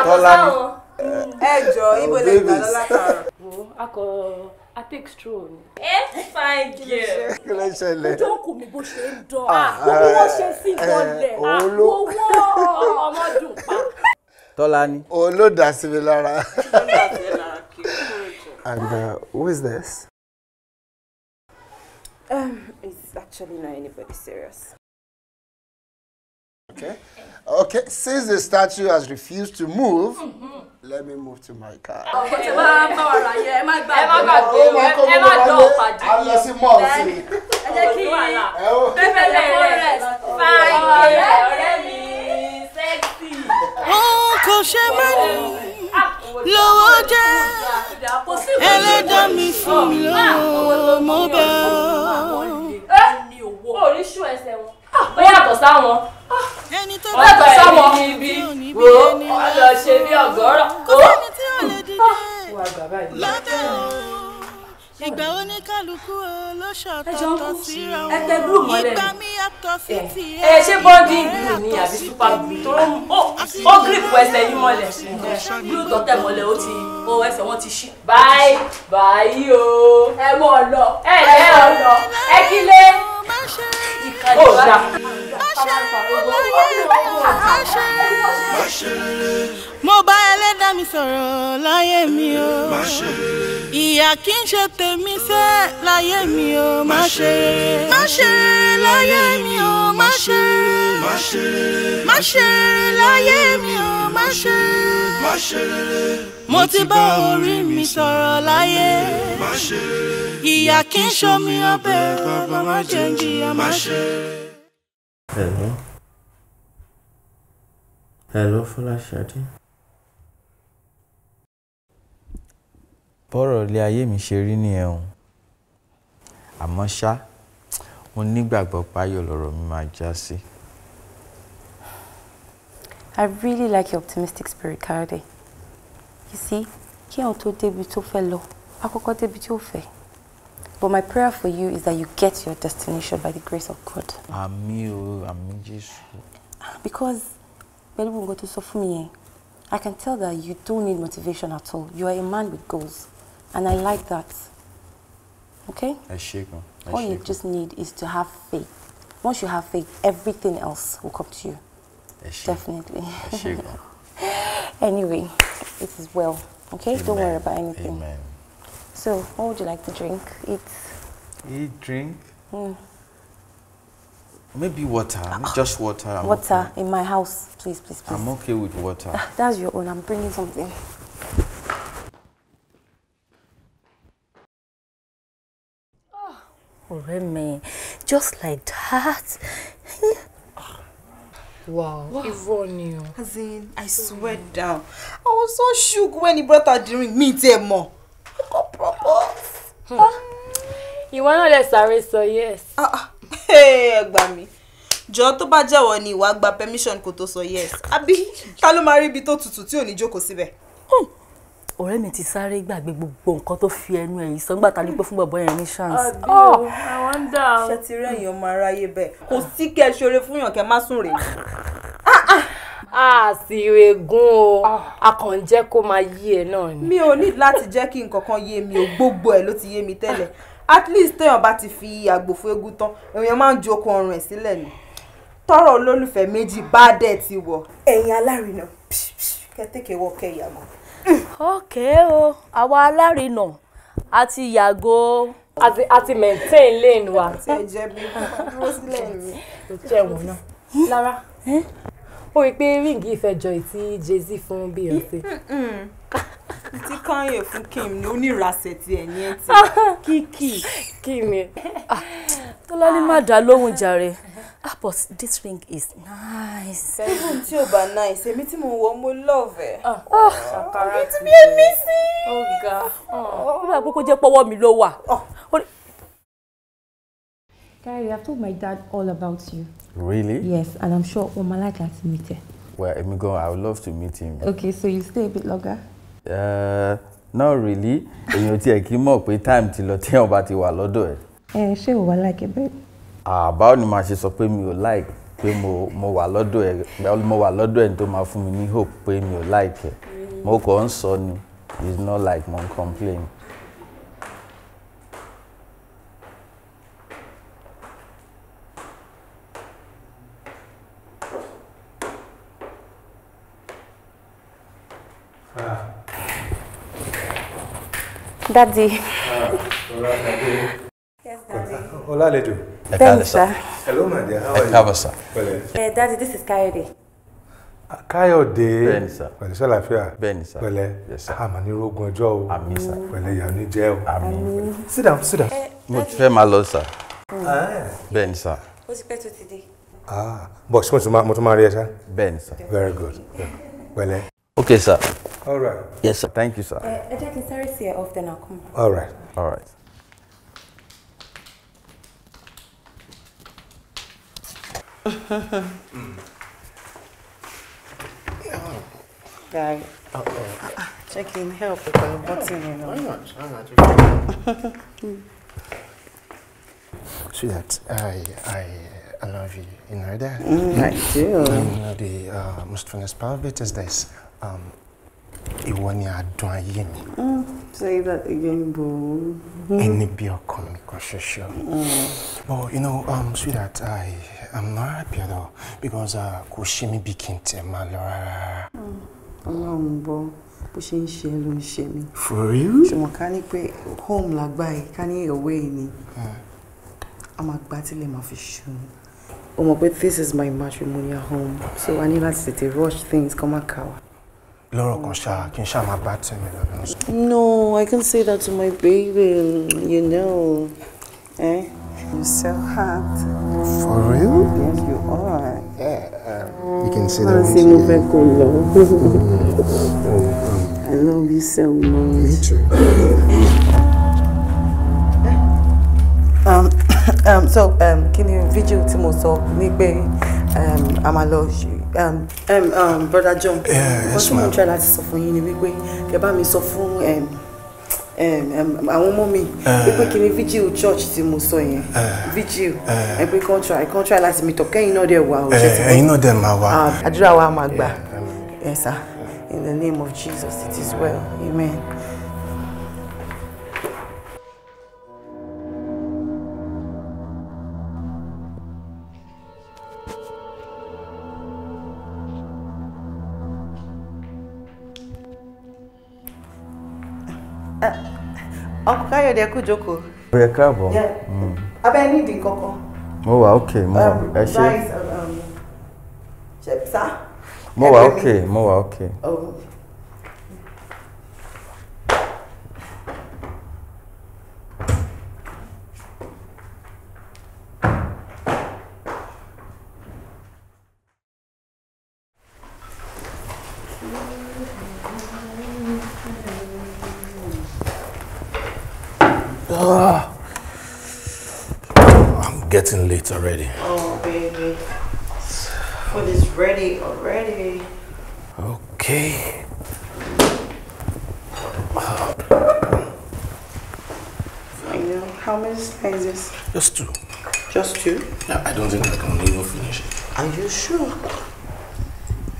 tù ọ ibo lè oh, gbà lọ́la kàrà. akọ I take stroll. Ẹ fine girl. Kí ló ṣẹlẹ̀? Ojú òkú mi bó ṣe ń dán. Gbogbo ah, wọn ṣe eh, sí ìwọlẹ̀. Eh, ah, owó ọmọ dùn pa. Tọ́lání. Òun ló dà sí mi lára. And uh, who is this? Um, it's actually not anybody serious. Okay. Okay, since the statue has refused to move, mm -hmm let me move to my car. ọkọ tí máa ń bá ọ̀rọ̀ ayé ẹ má gbàgbé ẹ má dán ọ̀pàdé. a lọ sí mall sí i. ẹ jẹ́ kí pépé lè rẹ̀ fáyé ọ̀rẹ́ mi sẹ́ksì. òun kò ṣe mẹ́rin lówó jẹ́ ẹlẹ́dàá mi fún mi ah, lọ́wọ́ mo bá. ó rí ṣú ẹsẹ̀ wọn ó yàtọ̀ sáwọn ó yàtọ̀ sáwọn ibi wo ó lọ ṣe bí ọ̀gọ́rọ̀ ó wà bàbá yìí ìgbà oníkálukú olóṣọ̀tọ̀tọ̀ síra wọn ìgbà mi yàtọ̀ sí ti ẹ̀ ẹ̀ ṣé bọ́ọ̀dì ìlú ni àbí super blue tó ń ó gírípù ẹsẹ̀ yín mọ́lẹ̀ blue tó mọ́lẹ̀ ó ti ó ẹsẹ̀ wọn ti ṣí. báyìí báyìí o ẹ mọ̀ ọ ẹ ẹ ọ ẹ kí lé ó dà. Oh, mo bá ẹlẹ́dàá mi sọ̀rọ̀ láyé mi o ìyà kì í ṣe tèmi sẹ́ láyé mi o má ṣe má ṣe láyé mi o má ṣe má ṣe láyé mi o má ṣe má ṣe mo ti bá orí mi sọ̀rọ̀ láyé ìyá kì í ṣomi ọbẹ̀ bàbá má jẹ́ ń má ṣe. hello hello Fọláṣadé. bọ́rọ̀ ilé ayé mi ṣe rí ni ẹ̀hún àmọ́ ṣá mo nígbàgbọ́ páyọ̀ lọ́rọ̀ mi máa já sí. I really like your optimistic spirit, Kayode. you see kí àwọn tó débi tó fẹ́ lọ akọ́kọ́ débi tí fẹ́ but my prayer for you is that you get your destination by the grace of God. àmì o àmì Jésù. Ah, because pẹ̀lú gbogbo tó sọ I can tell that you don't need motivation at all you are a man with goals and I like that okay. I shake All you just need is to have faith. Once you have faith, everything else will come to you. Definitely. anyway, it is well. Okay, Amen. don't worry about anything. Amen. So, what would you like to drink? Eat. Eat, drink. Mm. Maybe water, uh, just water. I'm water okay. in my house, please, please, please. I'm okay with water. Ah, that's your own. I'm bringing something. Ah. Oh, Remy, just like that. Wow, wow. irọ́ as in I swear mm. down I was so shook when he brought out the ring mi tiẹ̀ mọ̀ I go propose. Hmm. ìwọ náà lè sáré sọ yes. ẹ gbà mí jọ tó bá jẹ́wọ́ ni ìwà gba permission kó tó sọ yes Abi, ta ló máa rí ibi tó tutù tí ò ní Hmm ọ̀rẹ́ mi ti sáré gbàgbé gbogbo nǹkan tó fi ẹnu ẹ̀yìn sọ nígbà tá a ní pé fún bọ̀bọ̀ yẹn ní chance. àbí o àwọn ń dà o. ṣé ti rẹ́ èèyàn máa ráyè bẹ́ẹ̀ kò sí kẹ́ ẹ ṣoore fún yàn kẹ́ má sùn rè. Ah, ah. a sì rè gún o ah. a kàn ń jẹ́ kó máa yí ẹ náà ni. mi ò ní láti jẹ́ kí nǹkan kan yé mi ò gbogbo ẹ̀ ló ti yé mi tẹ́lẹ̀ at least téèyàn bá ti fi àgbò fún tán èèyàn máa ń ju okun ọrùn ẹ̀ sílẹ̀ ni tọrọ olólùfẹ́ méjì bá dẹ̀ ti wọ̀. ẹ̀yin alárinà kẹ́tẹ́kẹ́ wọ kẹ́yàmọ́ okay o àwa alárinà a ti yàgò àti àti maintain lane wa. àti ẹ̀jẹ̀ mi dúró sílẹ̀ mi. kò wọn náà lára ó rí i pé ríǹgì ìfẹjọ ìtì jay-z fún beyonce. Mm, mm, mm. ti kanye fún kim ní onírasẹ̀ ti ẹ̀ ní ẹ̀ kíkì. kí ni ah, tọ́lá ní má dá lóhùn jàre ah but this ring is nice. even tí o bá nice èmi tí mo wọ mo love ẹ. ṣàkàrà ti bí èmi sí. ó ga ó bá kókó jẹ́ pọ́wọ́ mi ló wà. Ah. Gary, I've told my dad all about you. Really? Yes, and I'm sure Omalaka like to meet you. Well, Emigo, I would love to meet him. Okay, so you stay a bit longer? Uh, not really. Èèyàn tiẹ̀ kì í mọ̀ pé time ti lọ tí ọba ti wà lọ́dọ̀ ẹ̀. Ẹ eh, ṣé ò like it, babe àbáwò ni màá ṣe sọ pé mi ò like pé mo mo wà lọ́dọ̀ ẹ̀ mo wà lọ́dọ̀ ẹ̀ tó máa fún mi ní hope pé mi ò like ẹ̀ mo kàn ń sọ ni it's not like mo ń complain. Daddy. Ah, Olalejo. Ẹ Thanks, sir. Hello my dear, how are you? Ẹ káàbọ̀ sá. Ẹ Daddy, this is Kayode. Ah, Káyọ̀dé sir. Well, pẹ̀lẹ́ àmà ah, ní rogun ọjọ́ o pẹ̀lẹ́ ìyá ní jẹ́ o sit down sit down. Eh, mo ti fẹ́ máa lọ sà hmm. ah. eh. bẹ́ẹ̀ ni sà. ó ti pẹ́ sir. What's your bọ̀ today? Ah, tún máa rí ẹ ṣá. sir? Ben, sir. very good Well, eh. Okay, sir. all right. yes sir thank you sir. Eh, ẹ jẹ́ kí n sáré sí ẹ off then I'll come. all right. all right. Guy, Okay. checking help with the button, you know. Why not? Sweetheart, I, I, I love you. You know that. Mm, I do. And you know, the uh, most famous part of it is this. Um, ìwọ ni mi Say that again, boo. ẹni bí ọkàn mi kan but you know um, sweetheart I I'm not happy at all because uh, ṣe mí bí Oh, n tẹ̀ máa lọ rárá. ọlọ́run for real. ṣùgbọ́n ká ní pé home like yìí ká ní ìyọ̀wé yìí ni hmm. a máa gbá tilẹ̀ máa Oh my ni. this is my matrimonial home so I need láti tètè rush things Come máa kà Laura, lọ́rọ̀ kan ṣáà kí n no I can say that to my baby you know. Eh? You're so hot. For real? Yes, you are. Yeah. you can see that. Mm, mm, mm. I love. you so much. Me too. um, um, so, um, can you video tí mo sọ um, a máa um, um, um, brother John. Yeah, yes, ma'am. Nǹkan tí mo to try láti sọ fún yín ni wípé kẹ́ bá mi um, àwọn ọmọ mi pé kí ni vigil church tí mo sọ yẹn vigil ẹ pé kàn try kàn try láti meet up kẹ́yìn náà dẹ̀ wá o ṣe ti wọ́n ẹ̀yin náà dẹ̀ máa wá. Ah, àdúrà wa máa gbà yes sir in the name of Jesus it is well amen. ọkọ káyọ̀dé kú jókòó. ẹ káàbọ̀. Mm. abẹ́ ní ìdí kankan. mo wà ókè mo um, ẹ ṣe. ṣe sá. mo wà ókè mo wà ókè. Oh. It's already. Oh, baby. Food is ready already. Okay. how many slices? Just two. Just two? Yeah, I don't think I can even finish it. Are you sure?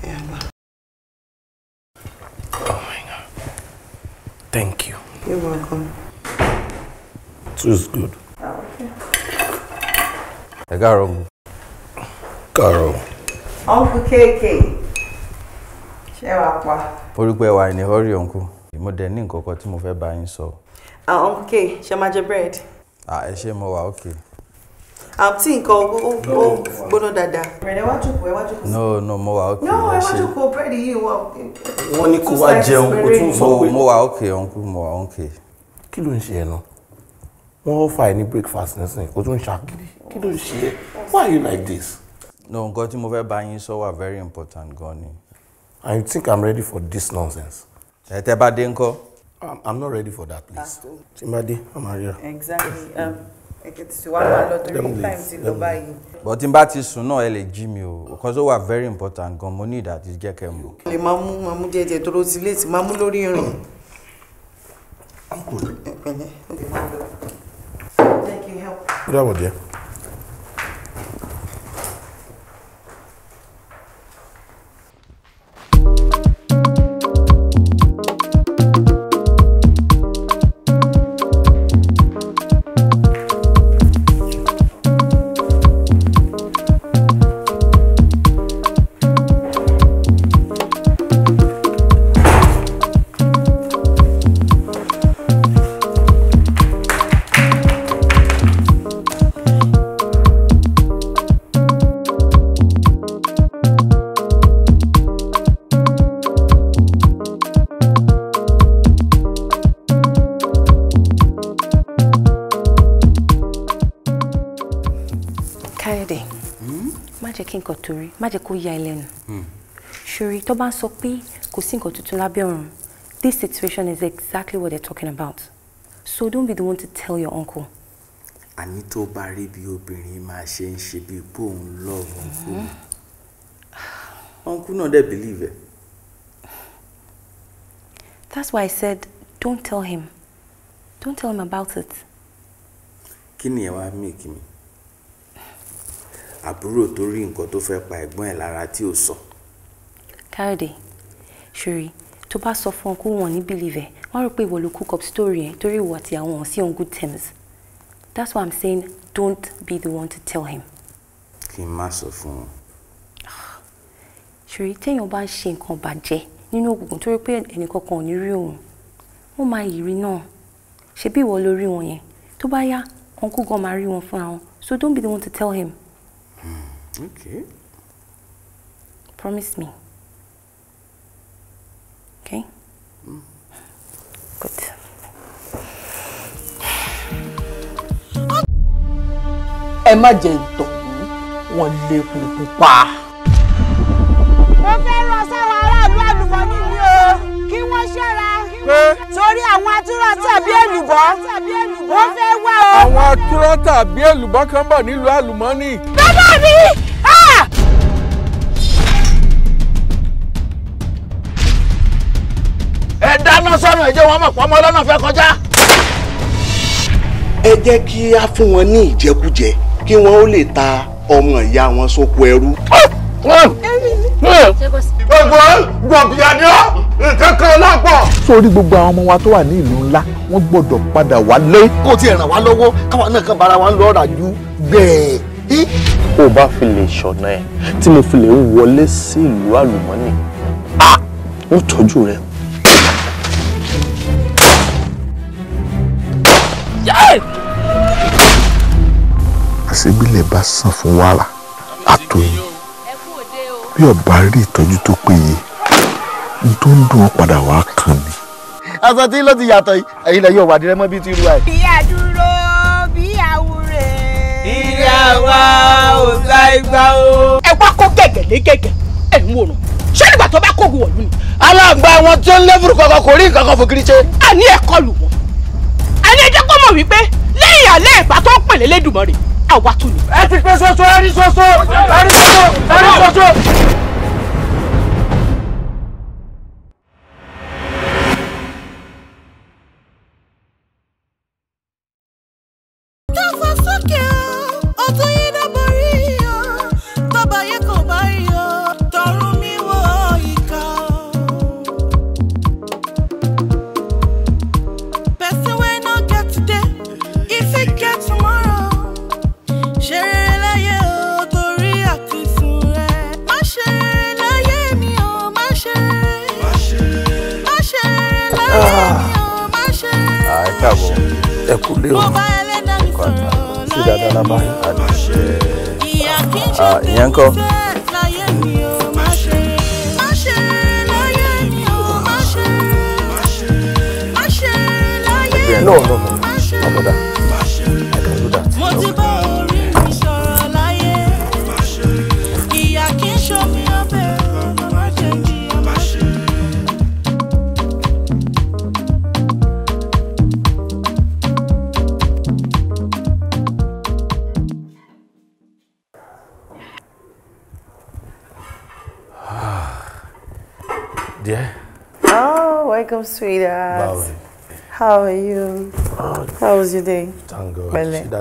Yeah. Oh my god. Thank you. You're welcome. It was good. ẹ garo. Uncle káàárọ̀. ọ̀nkù kéèké ṣé wàá pa. orúkọ ẹ wà ní hurry ọ̀nkù mo dẹ̀ ní nǹkan kan tí mo fẹ́ bá yín sọ. ọ̀nkù kéè ṣe máa jẹ búrẹ́dì. ẹ ṣe mo wà ókè. àǹtí nǹkan ó gbóná dáadáa. bẹ̀rẹ̀ wá jòkó ẹ wá jòkó. no no mo wà ókè. no ẹ wá jòkó búrẹ́dì yìí wọ. wọ́n ní kó wá jẹun kó tún sọ pé. mo wà ókè ọ̀nkù mo wà ókè. kí ló ń ṣe ẹ̀ náà wọ́n fà ẹ́ ní breakfast nísìnyí o tún ṣàgídí kí ló ń ṣe é why are you like this. no nǹkan tí mo fẹ́ bá yín sọ wà very important gan ni. and think i'm ready for this nonsense. ẹ tẹ́ bá dé ńkọ́. i'm not ready for that please. tí i'm a real. exactly um, ẹ̀kẹ́ ti ti wá máa lọ torí time ti lọ but tí n bá ti sùn náà ẹ lè jí mi o nǹkan tó wà very important gan mo need that. jẹ́ kẹ́ mọ̀. lè máa mú máa mú jẹjẹ tó ló ti léètì máa mú lórí irun. Revod je. nǹkan torí má jẹ́ kó ya ẹlẹ́nu hmm. ṣòrí tó bá ń sọ pé kò sí nǹkan tuntun lábẹ́ ọ̀run this situation is exactly what they're talking about so don't be the one to tell your uncle. àní tó bá rí bí obìnrin máa ṣe ń ṣe bíi pé òun lọ́ọ̀bù ọ̀nkú ọ̀nkú náà dẹ̀ believe ẹ̀. That's why I said, don't tell him. Don't tell him about it. Kí ni ẹ wá mí kí mi? àbúrò tó rí nǹkan tó fẹ́ pa ẹ̀gbọ́n ẹ̀ lára tí ò sọ. káyọ̀dé ṣòrí tó bá sọ fún ọ kó wọn ní believe ẹ wọn rò pé ìwọ ló cook up story ẹ torí ìwọ àti àwọn sí on good terms that's why i'm saying don't be the one to tell him. kí n má sọ fún wọn. ṣòrí téèyàn bá ń ṣe nǹkan bàjẹ́ nínú òkùnkùn torí pé ẹnìkankan ò ní rí òun wọ́n máa yìí rí náà ṣebí ìwọ ló rí wọn yẹn tó bá yá ọ̀nkú gan máa rí wọn fúnra wọn so don't be the one to tell him. Okay. Promise me. Okay? Mm. Good. ẹ má jẹ ìtọ̀ wọn lè kúkú pa. mo fẹ́ lọ sáwọn aráàlú àlùbọ́ nínú o kí wọ́n ṣọ́ra. pé torí àwọn atúrọ̀ tàbí èlùbọ́ wọ́n fẹ́ wá o. àwọn atúrọ̀ tàbí èlùbọ́ kan bọ̀ nílùú àlùmọ́nì. bàbá mi. ẹ dáná sọ́nà ẹ jẹ́ wọn mọ̀ pọ́nmọ́ lọ́nà fẹ́ kọjá. ẹ jẹ́ kí á fún wọn ní ìjẹkújẹ kí wọ́n ó lè ta ọmọ ìyá wọn sóko ẹrú. gbogbo gbọ̀bìyàní ọ́ nǹkan kan lápọ̀. sórí gbogbo àwọn ọmọ wa tó wà ní ìlú ńlá wọ́n gbọ́dọ̀ padà wálé. kó tiẹ̀ ràn wá lọ́wọ́ káwa náà kan bára wa ń lọ́ọ́ rà ju gbẹ̀ẹ́ ó bá fi lè ṣọ̀nà ẹ̀ tí mo fi lè wọlé sí ìlú àlùmọ́nì ó tọ́jú rẹ̀ àṣebílẹ̀ bá sàn fún wàrà àtòyìn bí ọba rí ìtọ́jú tó péye tó ń dùn ọ́ padà wá kàn ni. aṣọ tí ló ti yàtọ̀ yìí ẹ̀yin lẹ́yìn ọ̀wà dirẹ́mọ́ bíi ti ruwa ẹ̀. bí àdúró bí àwúre. ìrì àwa ò sá igbá o. ẹ wá kó gẹ̀gẹ̀lé gẹ̀gẹ̀ ẹ̀ ń wòran ṣé nígbà tó bá kó ògùn wọ̀lú ni. wọn tí ó ń lé burúkú ọkọ kò rí nǹkan kan fògiri ṣe. a ní ẹ̀kọ́ lù wọ́n ẹni ẹjẹ́ kó mọ̀ wípé lẹ́yìn alẹ́ ìgbà tó ń pèlè lẹ́dùnmọ́ rẹ̀ àwa tún ni. ẹ ti pẹ́ soso ẹ rí soso ẹ rí soso ẹ rí soso.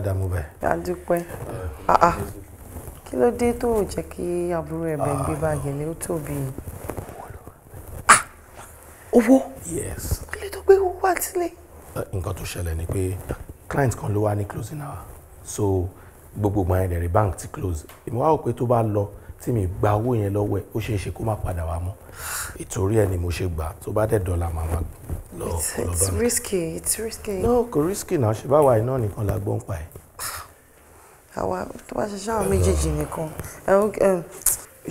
dààmú báyìí. adúpẹ́ ah, ah. kí ló dé tó ò jẹ́ kí àbúrò ẹ̀ bẹ̀ gbé báàgì lé ó tóbi. Ah! owó kí ló tó gbé owó wá sílé. Eh, nǹkan tó ṣẹlẹ̀ ni pé client kan ló wá ní closing hour so gbogbo gbọ́n ẹ̀rẹ̀ bank ti close ìmọ̀ wá wò pé tó bá lọ tí mi gba owó yẹn lọ́wọ́ ẹ̀ ó ṣeé ṣe kó má padà wá mọ́ ìtorí ẹ̀ ni mo ṣe gbà tó bá dẹ̀ dọ́là màá má lọ lọ́dọ̀ it's risky it's risky. no kò risky náà ṣe báwa iná nìkan la gbọ́n pa ẹ̀. àwa tó bá ṣe ṣáà méjèèjì nìkan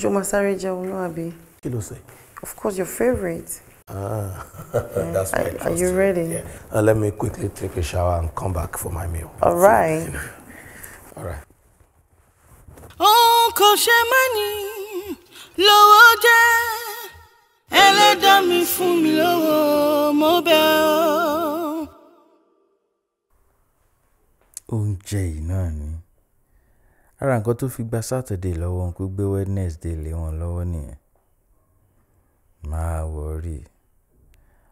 ṣó máa sáré jẹun náà àbí. kí ló ṣe. of course your favourite. Ah, yeah. that's are, are you ready? Yeah. Uh, let me quickly take a shower and come back for my meal. All right. All right òun kò ṣe mọ́ni lówó jẹ́ ẹlẹ́dà mi fún mi lówó mo bẹ̀ ọ́. oúnjẹ yìí náà ni ara nǹkan tó fi gba Saturday lọ́wọ́ ń pé gbé Wednesday lé wọn lọ́wọ́ nìyẹn máa wọrí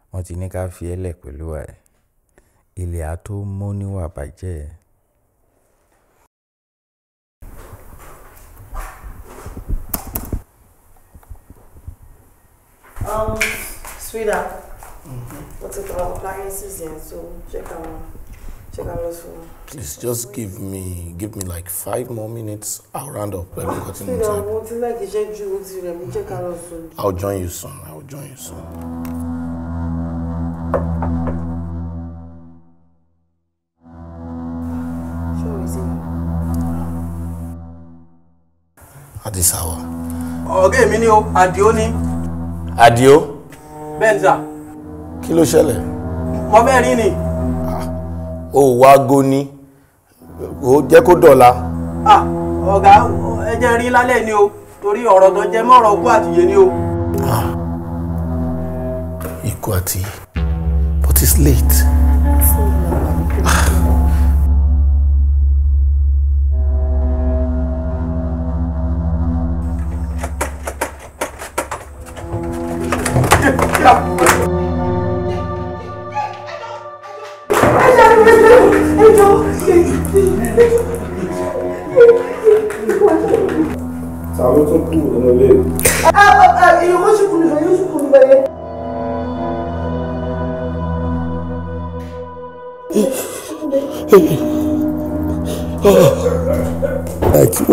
wọ́n ti ní ká fi ẹlẹ̀ pẹ̀lú ẹ̀ ilẹ̀ á tó mọ́ níwà bàjẹ́ ẹ̀. Um, sweetheart, mo ti kọ́ appliances yẹn so check out check out those Please just give me give me like five more minutes. I'll round up pẹ̀lú nǹkan tí mo tẹ́. Sweetheart, mo ti láì kí iṣẹ́ check out those I'll join you soon. I'll join you soon. At this hour. Okay, èmi at the only. Adio, Benza. sà. kí ló ṣẹlẹ̀. mo fẹ́ rí ni. Ah, o wá aago o jẹ́ kó dọ̀la. Ah, ọ̀gá ẹ jẹ́ rí lálẹ́ ni o torí ọ̀rọ̀ tó jẹ mọ́ ọ̀rọ̀ ikú àtìyé ni o. Ah, ikú àtìyé but it's late.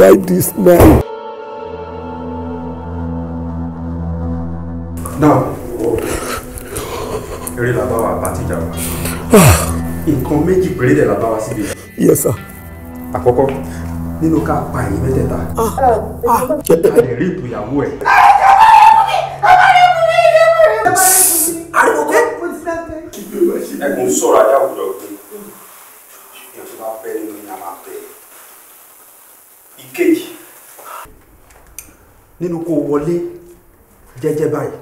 Why this now? Now, eré la bá wa àti ìjà wa. Nǹkan méjì péré dẹ̀ la bá wa síbi. Yes sir. Àkọ́kọ́ nínú ká pa ẹ̀yin Ah, ah. lè rí ìbùyàwó ẹ̀. nínú kó wọlé jẹ́jẹ́ báyìí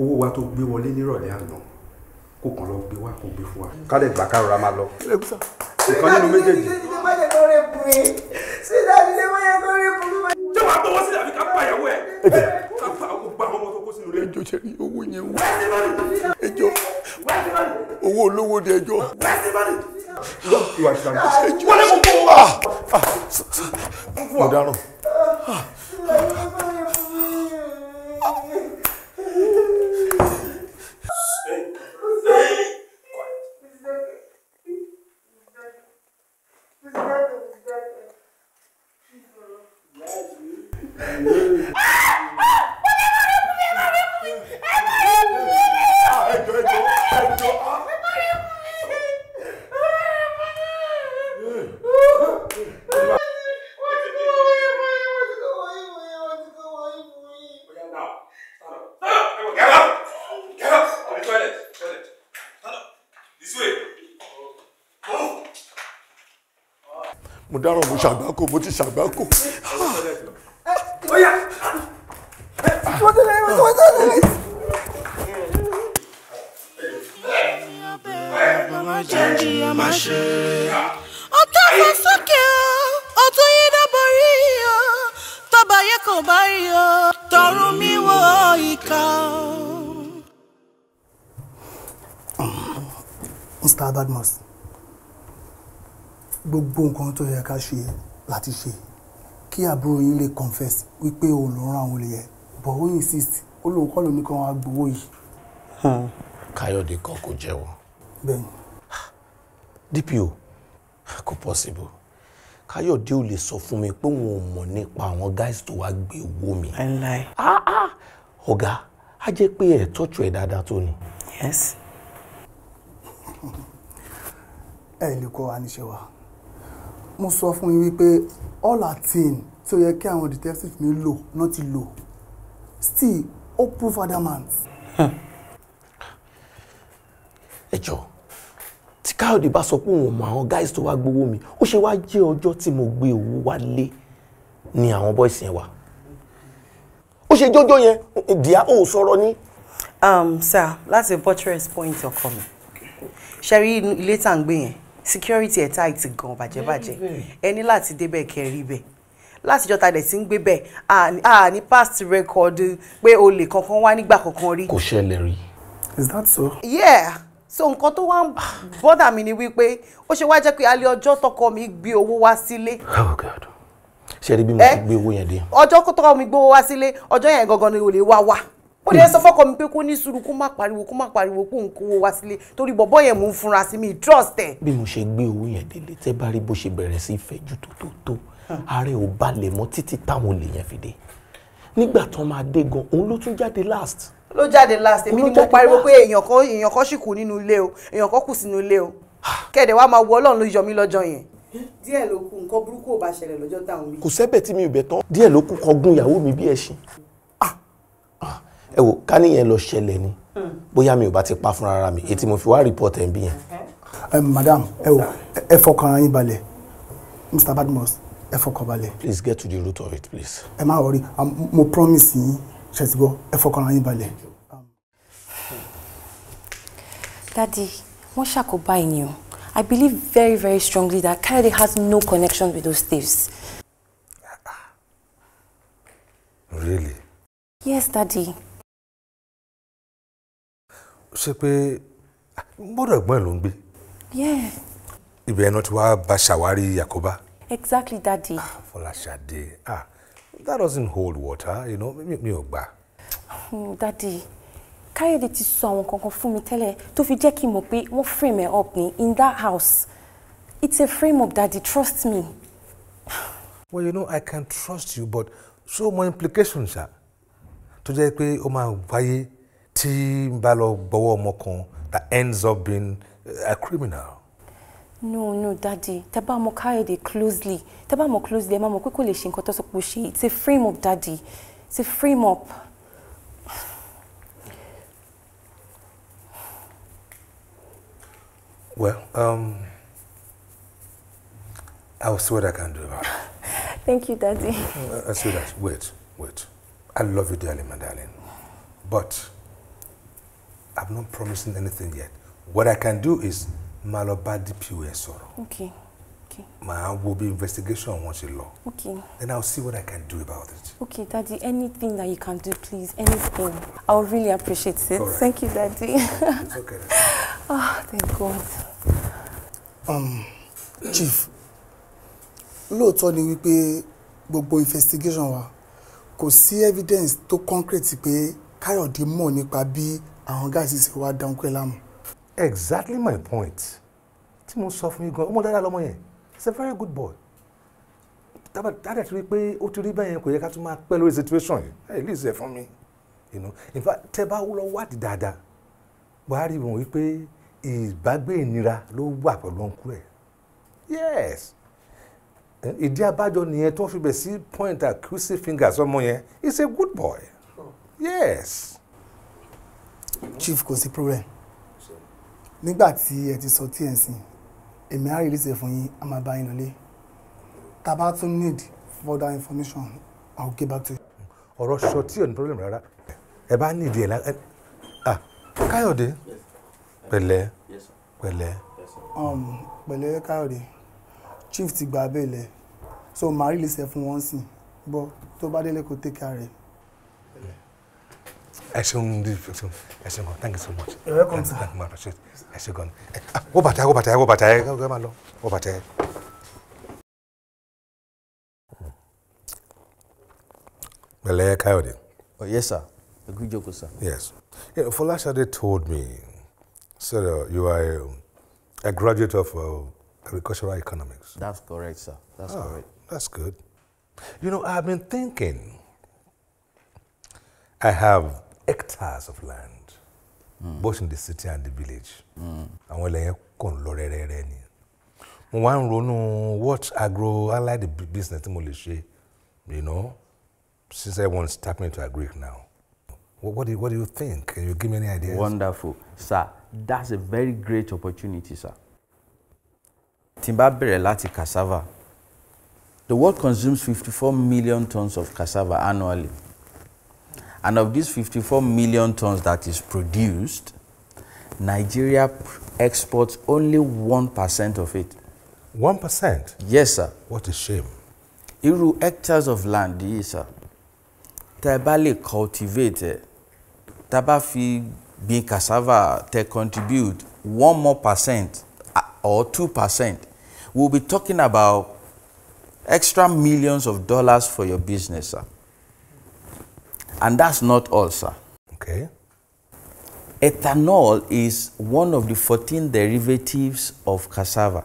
owó wa tó gbé wọlé nírọ̀lẹ́ àná kó kàn lọ gbé wá kó gbé fún wa. ká lè gbà ká rọra máa lọ. ìkan nínú méjèèjì. ṣé wàá tọwọ́ sílẹ̀ àbí ká pa ìyàwó ẹ̀. ká pa àwọn gbà ọmọ tó kó sínú rẹ̀. ẹjọ́ ṣẹlẹ̀ owó yẹn wá. ẹjọ́ owó olówó ni ẹjọ́. ìwà ìṣàkóso. wọlé kò kó wa. mo dáràn. Bye. mo dáràn mo ṣàgbákò mo ti ṣàgbákò. ọ̀yà wọ́n sókè o ọ̀tún yín dábọ̀ o tọ́ba yẹn kò bá o tọrùn mi wọ ìka o. Mr. Badmus gbogbo nǹkan tó yẹ ká ṣe láti ṣe kí àbúrò yín lè confess wípé òun ló rán àwọn olè yẹn but ó insist ó lóun kọ́ lómi kan wá gbowó yìí. Hmm. káyọ̀dé kan kò jẹ́wọ́. bẹ́ẹ̀ni. DPO kò possible káyọ̀dé ò lè sọ fún mi pé wọn ò mọ̀ nípa àwọn guys tó wá gbé owó mi. láíláí. Ah, ah. ọ̀gá á jẹ́ pé ẹ̀ tọ́jú ẹ̀ dáadáa tó ni. yes. ẹ lè kọ́ wa wa mo sọ fún yín wípé all our team tí ó yẹ kí àwọn detective mi lò náà ti lò still ó prove adamant. ẹ jọ̀ọ́ tí káyọ̀dé bá sọ pé òun mọ àwọn guys tó wá gbowó mi ó ṣe wá jẹ́ ọjọ́ tí mo gbé owó wálé ni àwọn boys yẹn wà ó ṣe jọjọ yẹn díà ó sọ̀rọ̀ ní. Um, sir láti buttress point ọkọ mi ṣe rí ilé tá à ń gbé yẹn security ẹ̀ tight gan bàjẹ́ bàjẹ́ ẹ ní láti débẹ̀ kẹrí bẹ̀ látijọ́ ta dẹ̀ ti ń gbé bẹ̀ à ní past record pé olè kankan wá nígbà kankan rí. kò ṣẹlẹ̀ rí. is that so. yeah so nǹkan tó wá ń bọ́dà mi ni wípé ó ṣe wá jẹ́ pé alẹ́ ọjọ́ tọkọ mi gbé owó wá sílé. oh god ṣe é rí bí mo ti eh? gbé owó yẹn dé. ọjọ́ tó tọkọ mi gbé owó wá sílé ọjọ́ yẹn gangan ni olè wá wá ó dẹ̀ sọ fọ́kọ mi pé kó ní sùúrù kó má pariwo kó má pariwo kó ń kówó wá sílé torí bọ̀bọ́ yẹn mò ń funra sí mi trust ẹ̀. bí mo ṣe gbé owó yẹn délé tẹ́ bá rí bó ṣe bẹ̀rẹ̀ sí fẹ̀jú tó tó tó ààrẹ ò balẹ̀ mọ́ títí táwọn olè yẹn fi dé nígbà tó máa dé gan òun ló tún jáde last. ló jáde last èmi ni mo pariwo pé èèyàn kan èèyàn kan sì kù nínú ilé o èèyàn kan kù sínú ilé o kẹ́ẹ̀dẹ̀ wá máa wọ ọlọ́run ló yọ mí lọ́jọ́ yẹn díẹ̀ ló kù nǹkan burúkú ò bá ṣẹlẹ̀ lọ́jọ́ táwọn mi. kò sẹ́bẹ̀ tí mi ò bẹ̀ tán díẹ̀ ló kù kọgún ìyàwó mi bí ẹṣin ẹ wò ká níyẹn lọ ṣẹlẹ̀ ni hmm. bóyá mi ò bá ti pa fúnra ara mi ètí mo fi wá report ẹ̀ ń bí yẹn. madam ẹ wò ẹ fọkàn yín balẹ̀ mr badmus ẹ fọkàn balẹ̀. please get to the root of it please. ẹ má wọrí um, mo promise yín ṣètìgbọ́ ẹ fọkàn ara yín balẹ̀. daddy wọ́n ṣàkóbá ẹ̀yìn o i believe very very strongly that Kayode has no connection with those thieves. really. yes daddy ṣe pé gbọ́dọ̀ ah, ẹ̀gbọ́n ẹ̀ ló ń gbé. ibẹ̀ ẹ̀ náà ti wá bá ṣàwárí Yakuba. exactly daddy. ah Fọláṣadé ah that doesn't hold water you know mi ò gbà. Hmm, daddy Káyọ̀dé ti sọ àwọn kankan fún mi tẹ́lẹ̀ tó fi jẹ́ kí n mọ̀ pé wọ́n frame ẹ̀ up ni in that house it's a frame up daddy trust me. well you know I can trust you but so many implications ah tó jẹ́ pé ó máa wáyé tí n bá lọ that ends up being a criminal. no no daddy Taba bá mọ káyọ̀dé closely Taba bá mọ closely ẹ máa mọ pé kò lè ṣe nǹkan it's a frame up daddy it's a frame up. well um, I'll see what I can do about it. Thank you, Daddy. Uh, uh, I see that. Wait, wait. I love you dearly, my darling. But I'm not promising anything yet. What I can do is máa lọ bá Okay. Okay. Màá wo be investigation wọn ṣe law. Okay. Then I'll see what I can do about it. Okay, Daddy, anything that you can do, please, anything. I'll really appreciate it. right. Thank you, Daddy. It's okay. oh, thank God. Um, Chief, lóòótọ́ ni wípé gbogbo investigation wa kò sí evidence tó concrete pé Káyọ̀dé mọ̀ nípa bi àwọn gáàsì ṣe wá dánkù ẹ̀ láàmú. exactly my point tí mo sọ fún yín gan ọmọ dáadáa lọmọ yẹn he's a very good boy dáadáa ti rí i pé ó ti rí bẹ́ẹ̀ yẹn kò yẹ ká tún máa pẹ́ lórí situation yìí ẹ̀ lè ṣe fún mi you know in fact tẹ́ bá lọ wádìí dáadáa wàá rí wọn wípé ìbágbé ìnira ló wà pẹ̀lú ọ̀nkú ẹ̀ yes ìdí abájọ nìyẹn tó fi bẹ̀ sí point accusing fingers ọmọ yẹn he's a good boy oh. yes chief kò sí problem nígbà tí ẹ ti sọ tí ẹ ń sìn èmi á release fún yín a máa bá yín lọlé tá a bá tún need further information I will get back to you. ọ̀rọ̀ sọ tí ò ní problem rárá ẹ bá ní ìdí ẹ̀ lá ah káyọ̀dé pẹ̀lẹ́ pẹ̀lẹ́. Um, pẹ̀lẹ́ káyọ̀dé chief ti gba abẹ́ ilẹ̀ so màá release fún wọn sìn bọ́ tó bá délé kó take care rẹ̀. ẹ ṣeun ẹ ṣeun ẹ ṣeun thank you so much. ẹ welcome sir. thank you ma ṣe ẹ ṣe gan ni. wọ bàtà wọ bàtà wọ bàtà ẹ ẹ máa lọ wọ bàtà ẹ. pẹ̀lẹ́ Káyọ̀dé. oh yes sir ẹ kú ìjókòó sir. yes you know, Fọláṣadé told me sir, uh, you are a, a graduate of uh, agricultural economics. that's correct sir that's oh, correct. that's good. You know, I've been thinking. I have hectares of land mm. both in the city and the village hmm. àwọn ilẹ̀ yẹn kàn lọ rẹ́rẹ́rẹ́ ni mo wá ń ronú what agro allied business tí mo lè ṣe you know since everyone is tapping into agric now what, what, do you, what do you think can you give me any ideas. wonderful sir that's a very great opportunity sir. tí n bá cassava the world consumes 54 million tons of cassava annually. And of these 54 million tons that is produced, Nigeria exports only 1% of it. 1%? Yes, sir. What a shame. Irú hectares of land yes, sir. Tá cultivated. bá lè cassava They contribute one more percent or two percent, we'll be talking about extra millions of dollars for your business, sir. And that's not all, sir. Okay. Ethanol is one of the 14 derivatives of cassava.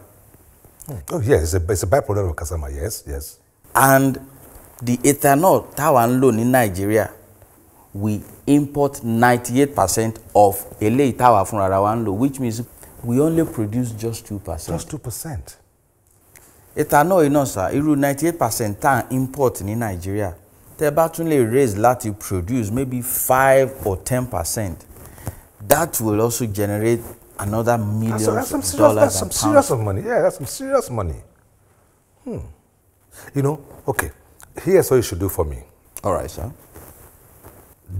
Oh, yes, it's a, it's a byproduct of cassava, yes, yes. And the ethanol táwa loan in Nigeria, we import 98% of eléyìí táwa from wa ń which means we only produce just 2%. Just 2%. Ethanol iná sá irú 98% tá à ń import in Nigeria. tẹ́ bá tún lè raise láti produce maybe five or ten percent that will also generate another million that's, that's some serious, that's some serious money yeah that's some serious money hmm. you know okay here's what you should do for me all right sir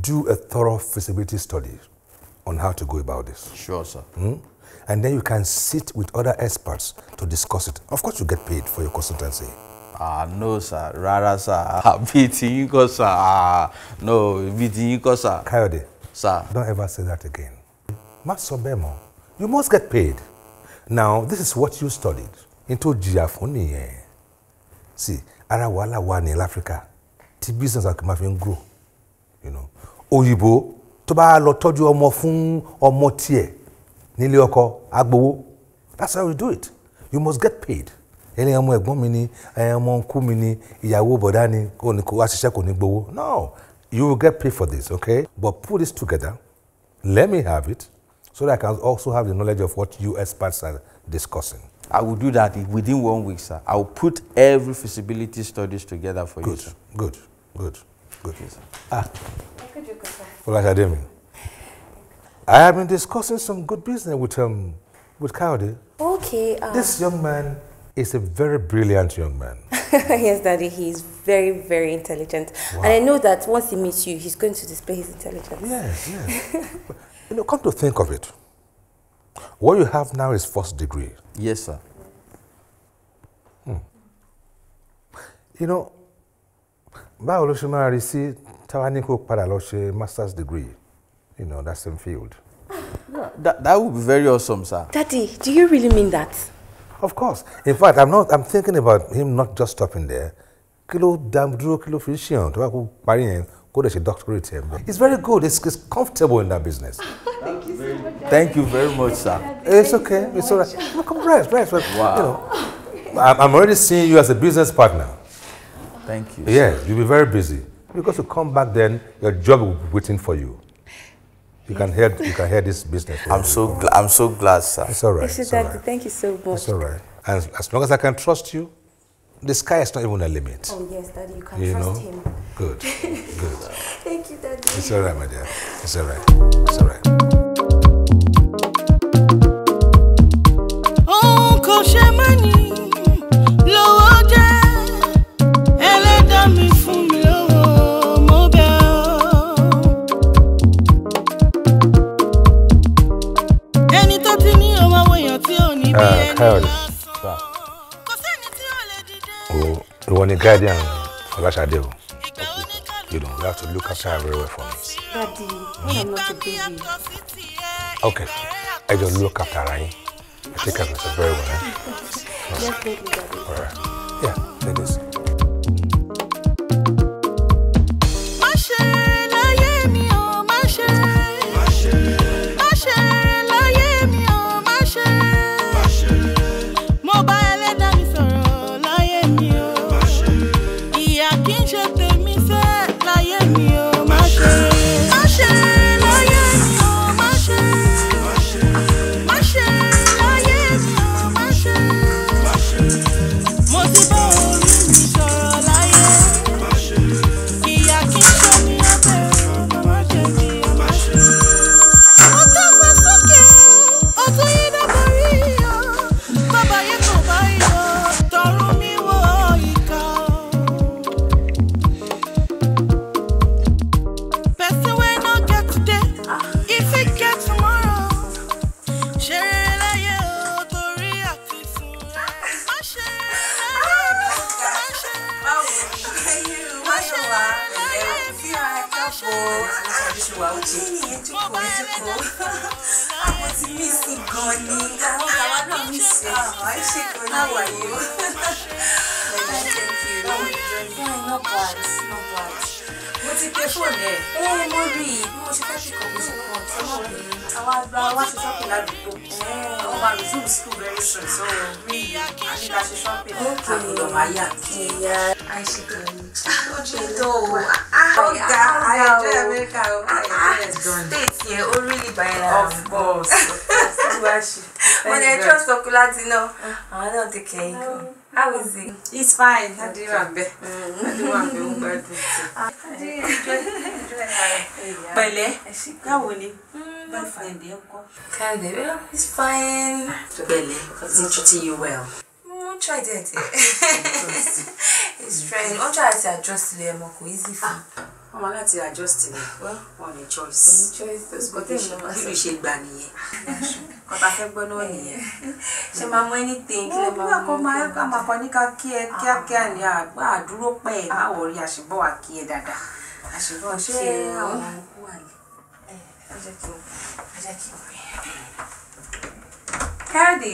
do a thorough feasibility study on how to go about this sure sir hmm? and then you can sit with other experts to discuss it of course you get paid for your consultancy ah no sir rárá sir ah bíi ti yín sir ah no bíi ti yín sir. Kayode sir don't ever say that again Masobemo, you must get paid now this is what you studied into tó jìyà fún see ara wàhálà wà ní Africa tí business àkàmá fi ń grow you know Oyibo, tó bá lọ tọ́jú ọmọ fún ọmọ tiẹ̀ nílé ọkọ agbowó that's how you do it you must get paid. ẹni ọmọ ẹ̀gbọ́n mi ni ọmọ nkú mi ni ìyàwó bọ̀dá ni kò ní kó wá kò ní gbowó no you will get paid for this okay but put this together let me have it so that I can also have the knowledge of what you experts are discussing. I will do that within one week, sir. I will put every feasibility studies together for good, you, sir. Good, good, good. good. sir. Ah. Olashademi, I have been discussing some good business with um, with Kaode. Okay. Uh, this young man is a very brilliant young man. yes, Daddy, He's very, very intelligent. Wow. And I know that once he meets you, he's going to display his intelligence. Yes, yes. you know, come to think of it, what you have now is first degree. Yes, sir. Hmm. You know, báwo ló ṣe máa rí paraloshe master's degree you know that same field. Yeah, that, that would be very awesome, sir. Daddy, do you really mean that? Of course. In fact, I'm not. I'm thinking about him not just stopping there. Kilo dam dúró kilo fi ṣe tó kó parí doctorate It's very good. It's, it's comfortable in that business. Thank you so much. Thank you very much, sir. It's okay. It's all right. come rest, rest. Wow. You know, I'm already seeing you as a business partner. Thank you. Yes, you'll be very busy because you come back then, your job will be waiting for you. You can hear you can hear this business. I'm so gl- I'm so glad, sir. It's all right. It's all right. Thank you so much. It's all right. And as, long as I can trust you, the sky is not even a limit. Oh yes, Daddy, you can you trust know? him. Good, good. Thank you, Daddy. It's all right, my dear. It's all right. It's all right. Oh, hell ìwọ ni guardian Fọláṣadé o you know you have to look after her very well for me. Daddy, when I'm not a baby. Okay, I just look after her. Eh? I take care of myself very well. Eh? yes, baby, daddy. All right. Yeah, take this. you know àwọn náà ti kẹ́yìn kọ́ how is it. it's fine do want be? adirabe mm. adirabe ń gbádùn tí. Ah, pẹ̀lẹ́ báwo ni mm, boyfriend ẹ How are you? it's fine. pẹ̀lẹ́ is he treating you well. wọ́n try that. it's trying wọ́n try to adjust ilé ẹ̀mọ́ kò easy fún. Ah wọ́n máa láti adjust ni wọ́n ní choice bí mi ṣe gbà nìyẹn kọ́tà fẹ́ gbọ́ náà nìyẹn ṣe máa mú anything kí lè máa mú nígbà kan máa ká máa kọ́ ní ká kí ẹ kíákíá ni ah. àdúró pẹ́ ẹ̀ máa wọ̀ rí àṣìbọ̀ wà kí ẹ dáadáa àṣìbọ̀ ṣe àwọn òkú wà ní. Kẹ́rìndé.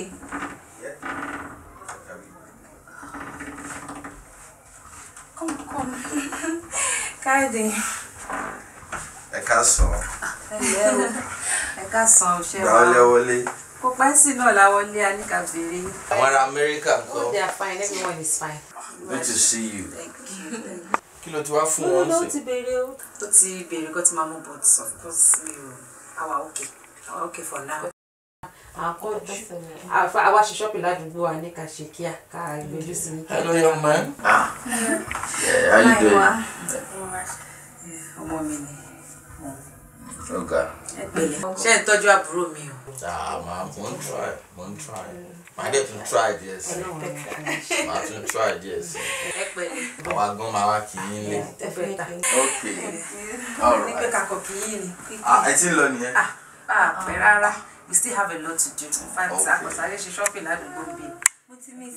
Come, come káyọ̀dé. ẹ káàsán. ẹ káàsán ṣe wá. gbà wọlé wọlé. kò pẹ́ sí náà láwọlé aníkà béèrè. àwọn ará amẹ́ríkà ń kọ́. oh they are fine everyone is fine. good to see you. thank you. kí ló ti wá fún wọn sí. ó ti béèrè ó ti béèrè kó ti máa mú but of course mi ò àwa okay àwa okay for now akọjú àwa ṣe ṣọ́ọ̀pù ládùúgbò wa ní ká ká gbójú sí ní hello young man ah yeah, how you doing. ọmọ mi ni ọgá. Oh, ṣé ń tọ́jú àbúrò mi o. ah ma mo ń try mo ń try màá mm. dẹ̀ tún try díẹ̀ sí i màá tún try díẹ̀ sí i àwa gan máa wá kì í nílé. ok all right. Ah, ẹ ti ń lọ nìyẹn. ah, ah pẹ̀ rárá. we still have a lot to do to find okay. àkọsáré ṣe shopping ládùúgbò ń bí. mo ti mi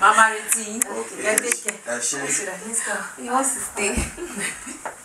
màmá retí Okay. ẹ dé kẹ ẹ ṣe ẹ ṣe to stay.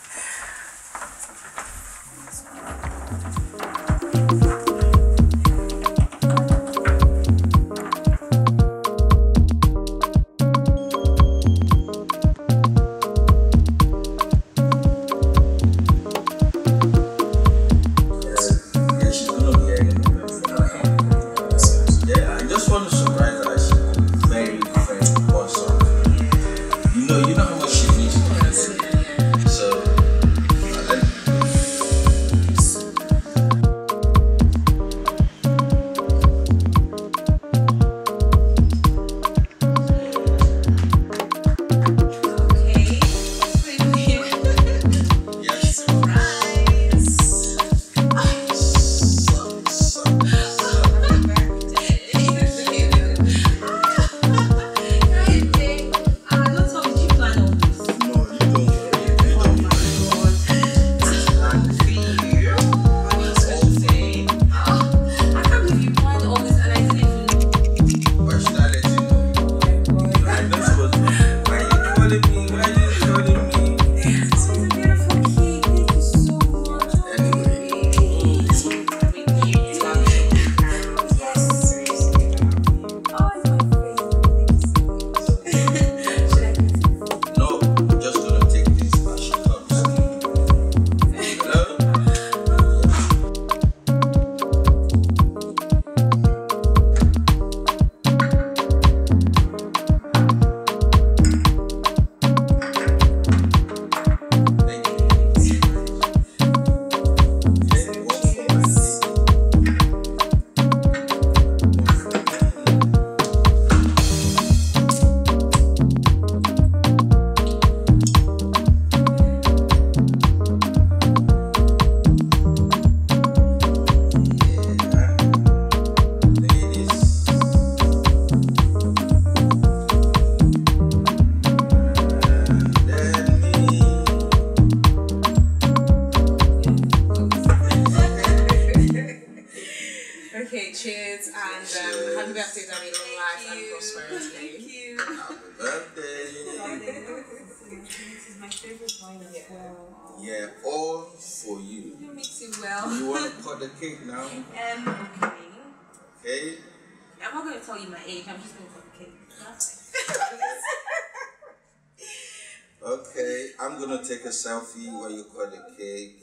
you the cake?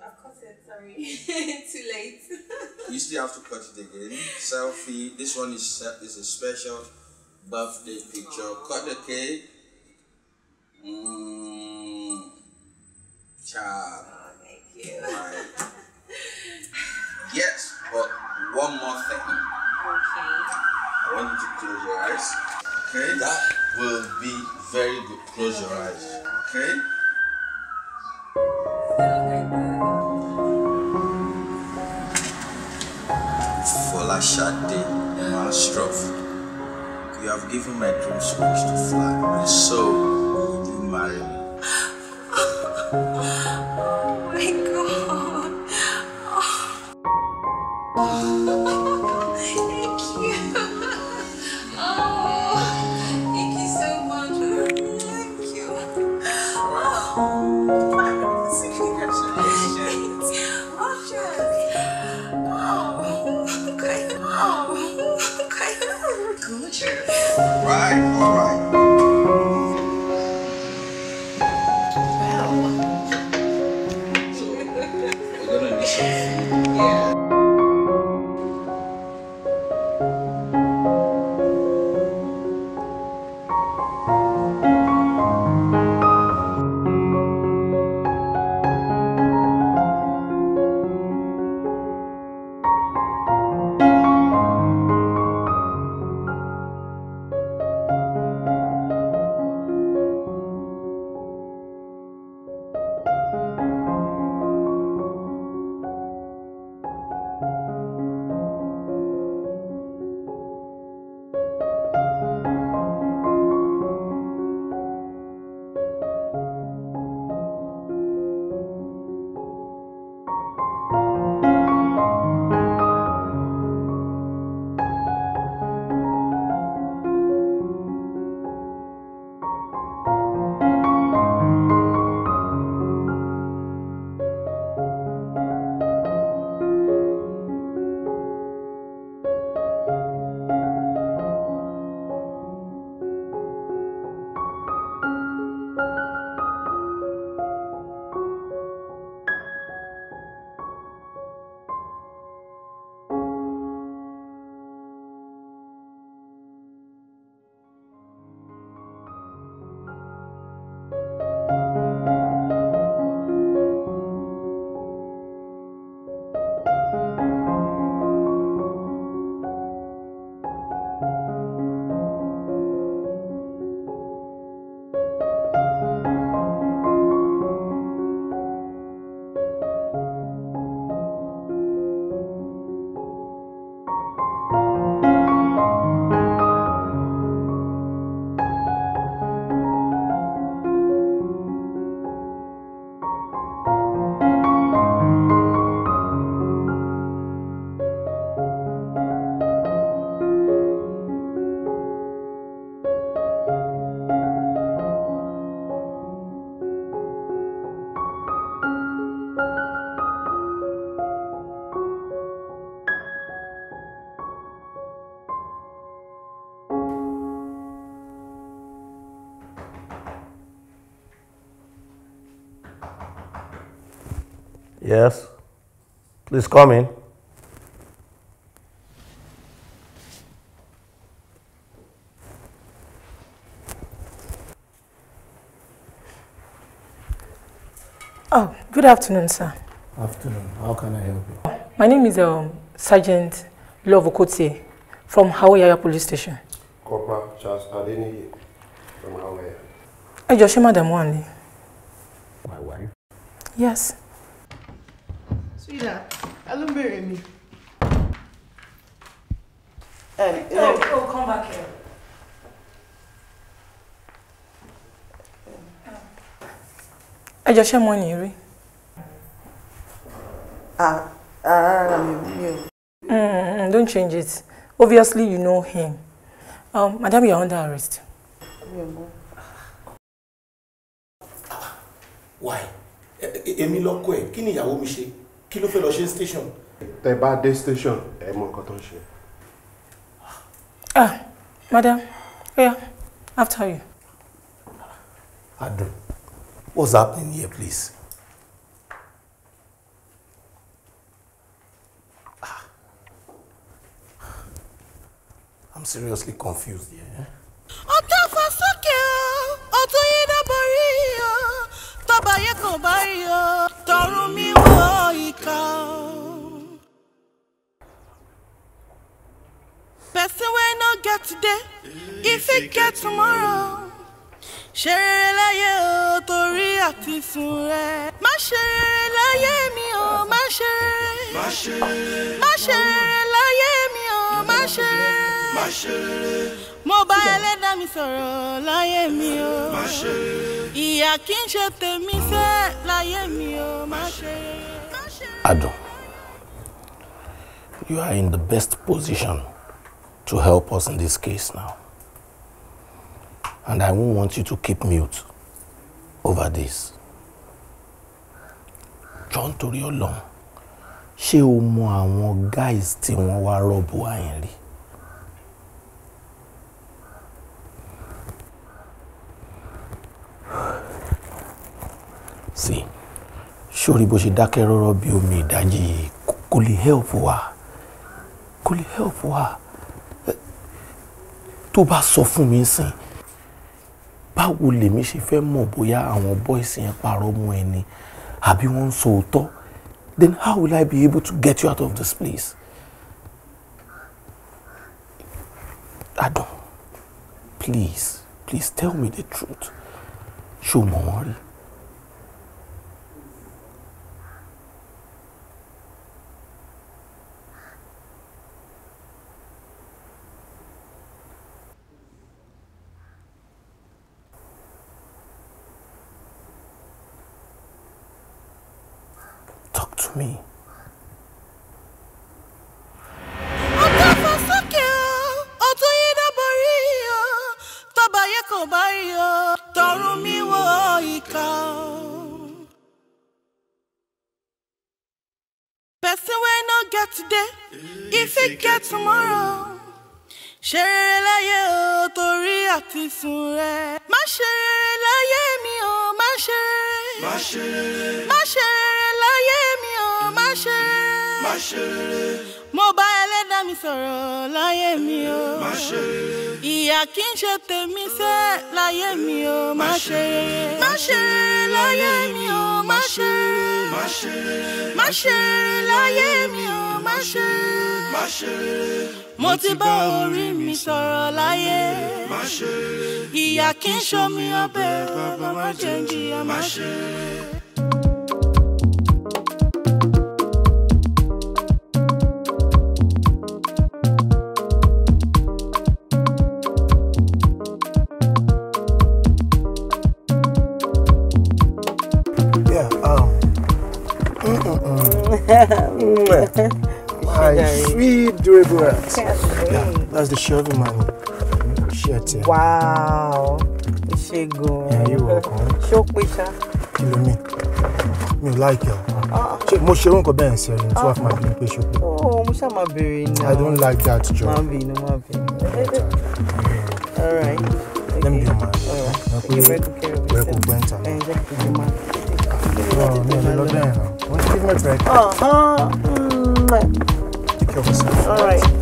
i cut it, sorry. Too late. you still have to cut it again. Selfie. This one is, is a special birthday picture. Aww. Cut the cake. Mm. Child. Oh, thank you. Right. yes, but one more thing. Okay. I want you to close your eyes. Okay, that will be very good. Close your eyes. Okay? Folashade Mastrov, you have given my dreams speech to fly. My soul, you marry me? Oh my god. Oh. Right. Yes. Please come in. Oh, good afternoon, sir. Afternoon. How can I help you? My name is um, Sergeant Love from Hawaiiya Police Station. Corporal Charles Adeniyi from Hawaiiya. Ẹ jọ̀ọ́ madam wà My wife? Yes. ẹ jọ ṣẹ́ mọ́ ni rí. Ah, ah, rárá mi ò. Mm-hmm, don't change it obviously you know him um, madam you are under arrest. why e, e, èmi lọ́kọ ẹ̀ kí ni ìyàwó mi ṣe kí ló fẹ́ lọ ṣe station. tẹ bá dé station ẹ mọ nǹkan tó ń ṣe. ah madam oya yeah, after you. adùn What's happening here, please? Please ah. I'm seriously confused here. Eh? Person get today, if get tomorrow. ṣe rere láyé o torí àti sùn rẹ. má ṣe láyé mi o má ṣe rere. má ṣe láyé mi o má ṣe rere. mo bá ẹlẹ́dàá mi sọ̀rọ̀ láyé mi o. ìyà kì í ṣe tèmi sẹ́ láyé mi o má ṣe Adùn, you are in the best position to help us in this case now. And I won't want you to keep mute over this. John torí Ọlọ́run ṣé o mọ àwọn guys tí wọ́n wá rọ́ọ̀bù àyìn rí? sí sórí bó ṣe dákẹ́ rọ́rọ́ bí omi ìdájí kò lè help wa kò lè help wa tó bá sọ fún mi sìn báwo lèmi ṣe fẹ́ mọ̀ bóyá àwọn bọ́ìsì yẹn parọ́ mọ́ ẹ ni àbí wọ́n ń so òótọ́ then how will I be able to get you out of this place? Adam, please, please tell me the truth. Show o mọ̀ wọ́n to me. Person wey no get today, if he get tomorrow. Ṣe rere láyé o, torí àti sùn rẹ̀. Má ṣe rere mi o, má ṣe rere. Má ṣe rere. Má ṣe mi ṣe rere. Má ṣe rere. Mo bá ẹlẹ́dàá mi sọ̀rọ̀ láyé mi o. Má ṣe rere. Ìyà kì í ṣe tèmi sẹ́ láyé mi o. Má ṣe rere. Má ṣe rere láyé mi o. Má ṣe rere. Má ṣe rere. Má ṣe rere láyé mi o. Má ṣe rere. Má ṣe rere mo ti bá orí mi sọ̀rọ̀ láyé. ìyà kì í ṣomi ọbẹ̀ bàbá má jẹ́ ń jìyà má ṣe. My sweet durable hands. Yeah, that's the shelving man. Shirt. Wow. Ṣé gan-an. Yeah, you welcome. Ṣé o pé ṣá? Kí ló mi? Mi ò láìkẹ́ o. Ṣé mo ṣe irú nǹkan bẹ́ẹ̀ sí ẹni tí wàá fi máa bínú pé ṣé o pé? Ó oh, mo ṣá máa bèrè náà. I don't like that job. Má bínú, má bínú. All right. Okay. Let me be your man. All right. Ẹ pé gbẹ́ntà. Ẹ jẹ́ kí n máa. Oh, no, no, no, no. What's the difference right? Uh-huh. Oh, mm -hmm. Take care of yourself. All right.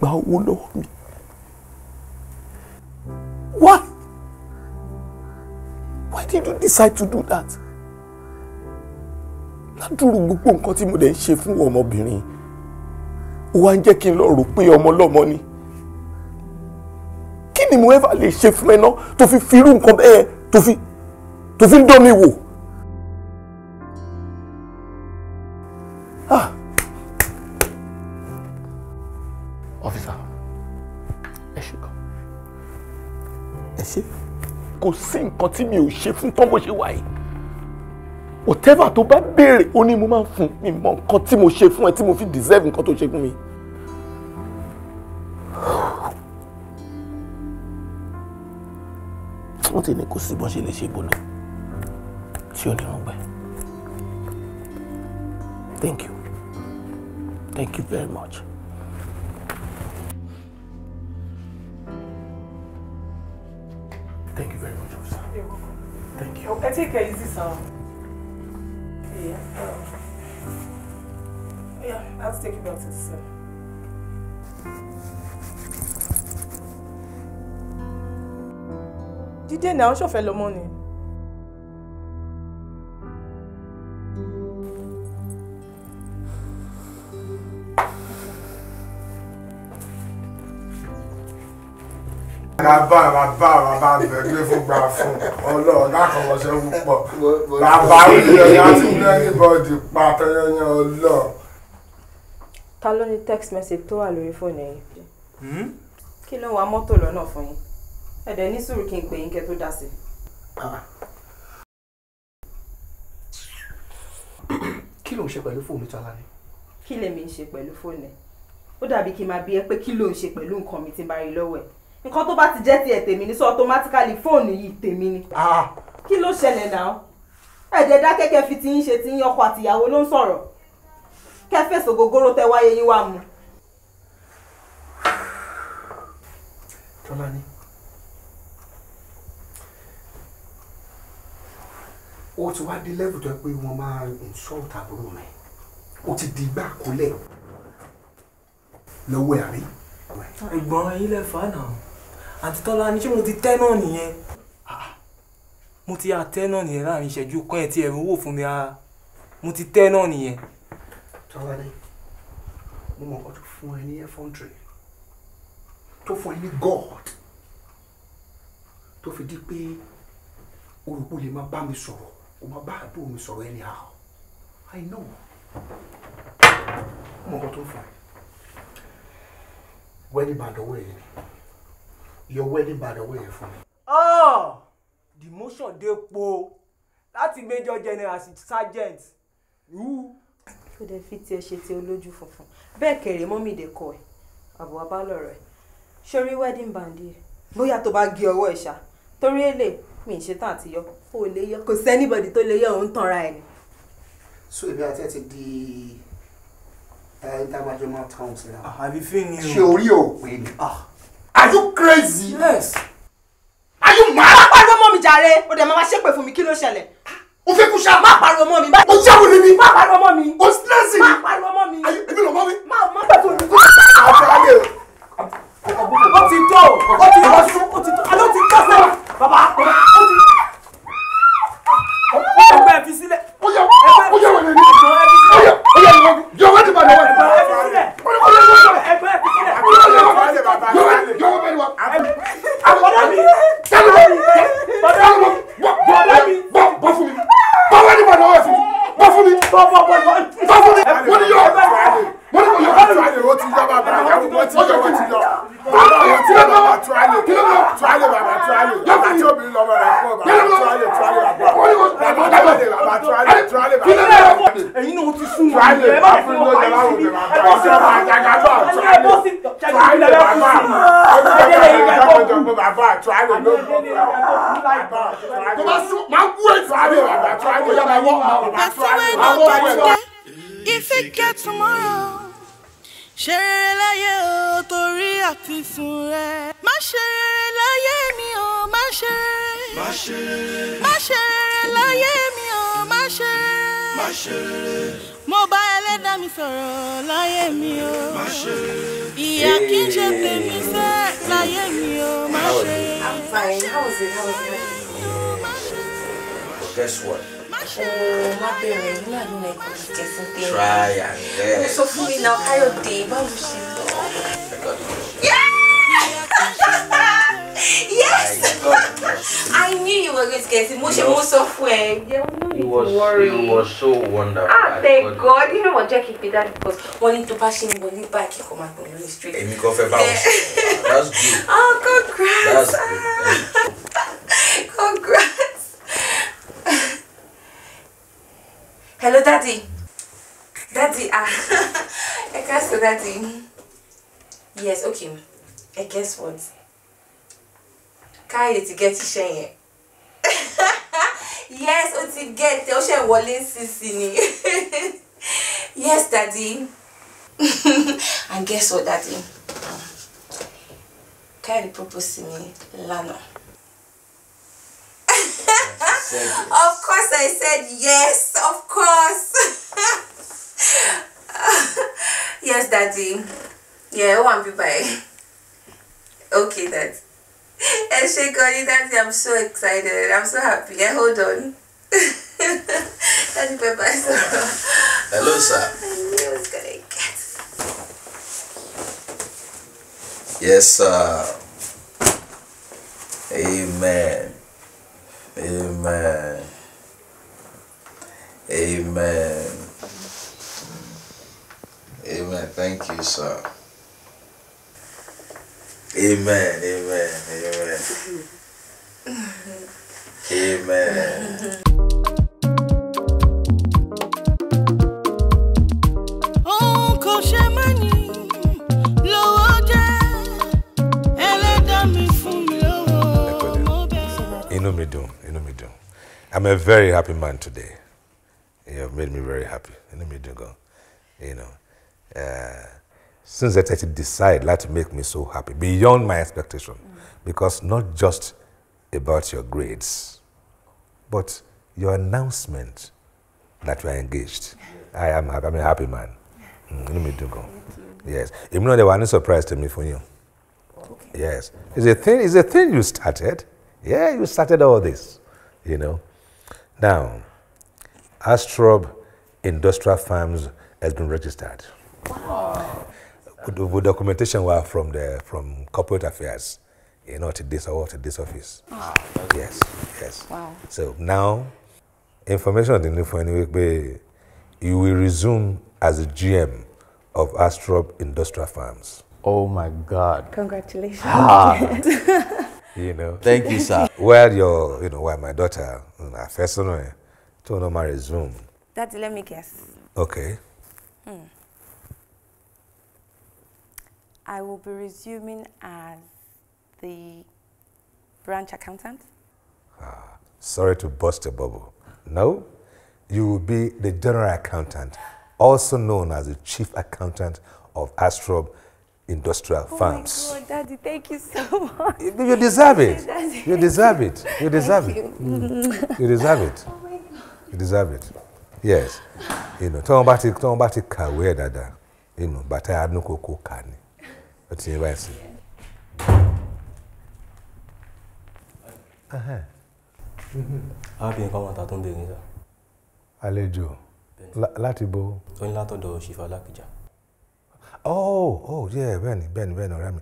máa owó lọ́wọ́ mi. Why? Why did you decide to do that? Ládùúrú gbogbo nǹkan tí mo dẹ̀ ń ṣe fún ọmọbìnrin ó wá ń jẹ́ kí n lọ rò pé ọmọ lọ́mọ ni. Kí ni mo ever lè ṣe fún ẹ náà tó fi firú nǹkan bẹ́ẹ̀ tó fi tó fi ń dán mi wò? kò sí nǹkan tí mi ò ṣe fún tán bó ṣe wà yìí whatever tó bá béèrè ó ní mo máa ń fún mi mọ nǹkan tí mo ṣe fún ẹ tí mo fi deserve nǹkan tó ṣe fún mi. wọ́n ti ní kò sí bọ́n ṣe lè ṣe bolo tí ò ní wọ́n gbẹ. thank you thank you very much. So, Yeah. Oh. Yeah, I'll take you back to the cell. Jídé náà ṣọ̀fẹ́ lọ́mọ ni. bàbá bàbá bàbá bẹ̀gbẹ́ fún gbà fún ọlọ́run lákọ̀ọ́sẹ́ púpọ̀ bàbá olùyọ̀yà ti ní anybody pa tẹ́yẹ́yẹ́ ọlọ́run. ta ló ní text message tó wà lórí fóònù yìí. Hmm? kí ló ń wa mọ́tò lọ́nà fún yín ẹ̀dẹ̀ ní sùúrù kí n pè yín kẹ́ tó dá sí. kí ló ń ṣe pẹ̀lú fóònù tala ni. kí lèmi ń ṣe pẹ̀lú fóònù ẹ̀ ó dàbí kí n máa bi ẹ́ pé kí ló ń ṣe pẹ̀lú nǹkan nǹkan tó bá ti jẹ́ tiẹ̀ tèmi ní sọ automatically fóònù yìí tèmi ni. Ah. kí ló ṣẹlẹ̀ náà ẹ̀jẹ̀ dákẹ́kẹ́ fi ti ń ṣe ti ń ọkọ àtìyàwó ló ń sọ̀rọ̀ kẹ́ fèsò gogoro tẹ wáyé yín wá mu. tọ́lání ó ti wá dé level tó pé wọ́n máa ń sọ̀rọ̀ àbúrò rẹ̀ ó ti di gbà kólẹ̀ lọ́wọ́ ẹ̀ àrí. ìgbọràn yìí lè náà àti tọ́lá ní ṣé mo ti tẹ́ náà nìyẹn ah. mo ti àtẹ́ náà nìyẹn láàrin ìṣẹ́jú kan ẹ̀ tí ẹ̀rù wò fún mi rárá mo ti tẹ́ náà nìyẹn. tọ́lá ní mo mọ̀ ọ́ tó fún ẹ ní ẹ̀fọ́ntì tó fún ẹ ní god tó fi di pé olùkú lè máa bá mi sọ̀rọ̀ kó máa bá àbúrò mi sọ̀rọ̀ ẹni àá i know mo mọ̀ ọ́ tó fún ẹ wẹ́ẹ́lì bàdọ́wọ́ ẹ̀ ni your wedding by the way fún mi. oh demotion dey po láti major general sí sergeant. kò dé fi tiẹ̀ ṣe ti olójú funfun bẹ́ẹ̀ kẹ̀rẹ̀ mọ́mì dé kọ ẹ̀ àbọ̀ abálọ̀ rẹ̀ sórí wedding band yìí bóyá tó bá gé ọwọ́ ẹ̀ ṣá torí èlé mi ì ṣetán àti yọ ó lè yọ kò sí anybody tó lè yọ òun tanra ẹ̀ ni. so èmi àti ẹ ti di ẹ eh, intermatrimonial terms náà. Ah, àbí fi ni o ṣe orí òpin. Are you crazy? Yes. Are you mad? Má pariwo mọ́ mi jàre, o dẹ̀ ma, ma ṣépè fún mi, kí ló ṣẹlẹ̀? O fẹ́ kú ṣá. Má pariwo mọ́ mi. O jáwọ́ ni mi. Má pariwo mọ́ mi. O sílẹ̀sì mi. Má pariwo mọ́ mi. Ayé èmi lọ mọ́ mi. Má má pẹ̀tù òní. O ti tó o, o ti tó sún, o ti tó, alo ti tó sẹ́wọ̀n. Bàbá o ti. Ẹgbẹ́ ẹ fi sílẹ̀. Ó yẹ ó yẹ wọlé ní. Ó yẹ ó yẹ wọlé ní. Yọ̀wé ti bàdàn wá. Ẹgbẹ́ ẹ fi sílẹ̀. Ẹgbẹ́ ẹ fi sílẹ̀. Bọ́fún mi! Bọ́fún mi! Bọ́fún mi! Bọ́fún mi! Wọ́n ní yóò. If it gets tomorrow ṣe rere láyé o torí àfihàn rẹ má ṣe rere láyé mi o má ṣe rere má ṣe rere láyé mi o má ṣe rere mo bá ẹlẹ́dà mi sọ̀rọ̀ láyé mi o ìyá kì í ṣe tèmi sẹ́ láyé mi o má ṣe rere. Guess what? try and learn. mo sọ fún mi náà káyọ̀dé báwo yes i knew you were going to get it mo ṣe mo sọ It was, it was so wonderful. Ah, thank God. You know what, Jackie Peter, because wanting to tó him, ṣe ń bọ̀ nígbà kí kò máa gbọ̀n street. Èmi kò fẹ́ That's good. Oh, congrats. That's good. Congrats. Hello, Daddy. Daddy, ah. I guess so, Daddy. Yes, okay. I guess what? Káyé ti get to share? Yes, ó ti get. Ó ṣe wọlé sísì ni. Yes, Daddy. And guess what, Daddy? Káyé propose to me lánàá. of course I said yes, of course. yes, daddy. Yeah, one be by Okay, dad. And she got it, daddy. I'm so excited. I'm so happy. Yeah, hold on. daddy, bye bye. Hello, sir. I was gonna get. Yes, sir. Amen. Amen. Amen. Amen. Thank you, sir. Amen. Amen. Amen. Amen. Uncle Shemani. inú mi I'm a very happy man today. You have made me very happy. Let me do go. You know, uh, since that I decide that make me so happy beyond my expectation, mm. because not just about your grades, but your announcement that we are engaged. I am happy. I'm a happy man. let mm, me do go. Yes. Even though there was no surprise to me for you. Okay. Yes. It's a thing, it's a thing you started. Yeah, you started all this, you know. Now, Astrob Industrial Farms has been registered. Wow. The, documentation were from the from corporate affairs, you know, to this or to this office. Wow. Ah. Yes, yes. Wow. So now, information the new for any you will resume as a GM of Astrob Industrial Farms. Oh my God! Congratulations! Ah. you know. Thank you, sir. Where your, you know, where my daughter, her first one, to no marry Zoom. Daddy, let me guess. Okay. Hmm. I will be resuming as the branch accountant. Ah, sorry to bust a bubble. No, you will be the general accountant, also known as the chief accountant of Astrob industrial oh farms. Oh my God, Daddy, thank you so much. You deserve it. Daddy, you deserve it. You deserve it. You. Mm. you deserve it. Oh my God. You deserve it. Yes. You know, Talk about it. Talk about it. kàwé ẹ̀ you know, But I bàtà àdúnkòkò kà ní. Ó ti yẹ báyìí sí. Mm-hmm. Arábìnrin kan wọn ta tó ń bèrè níta. Àlejò láti bo. Ó ní látọ̀dọ̀ Ṣìfà Lákìjà oh oh yeah bẹ́ẹ̀ni bẹ́ẹ̀ni bẹ́ẹ̀ni ọ̀rẹ́ mi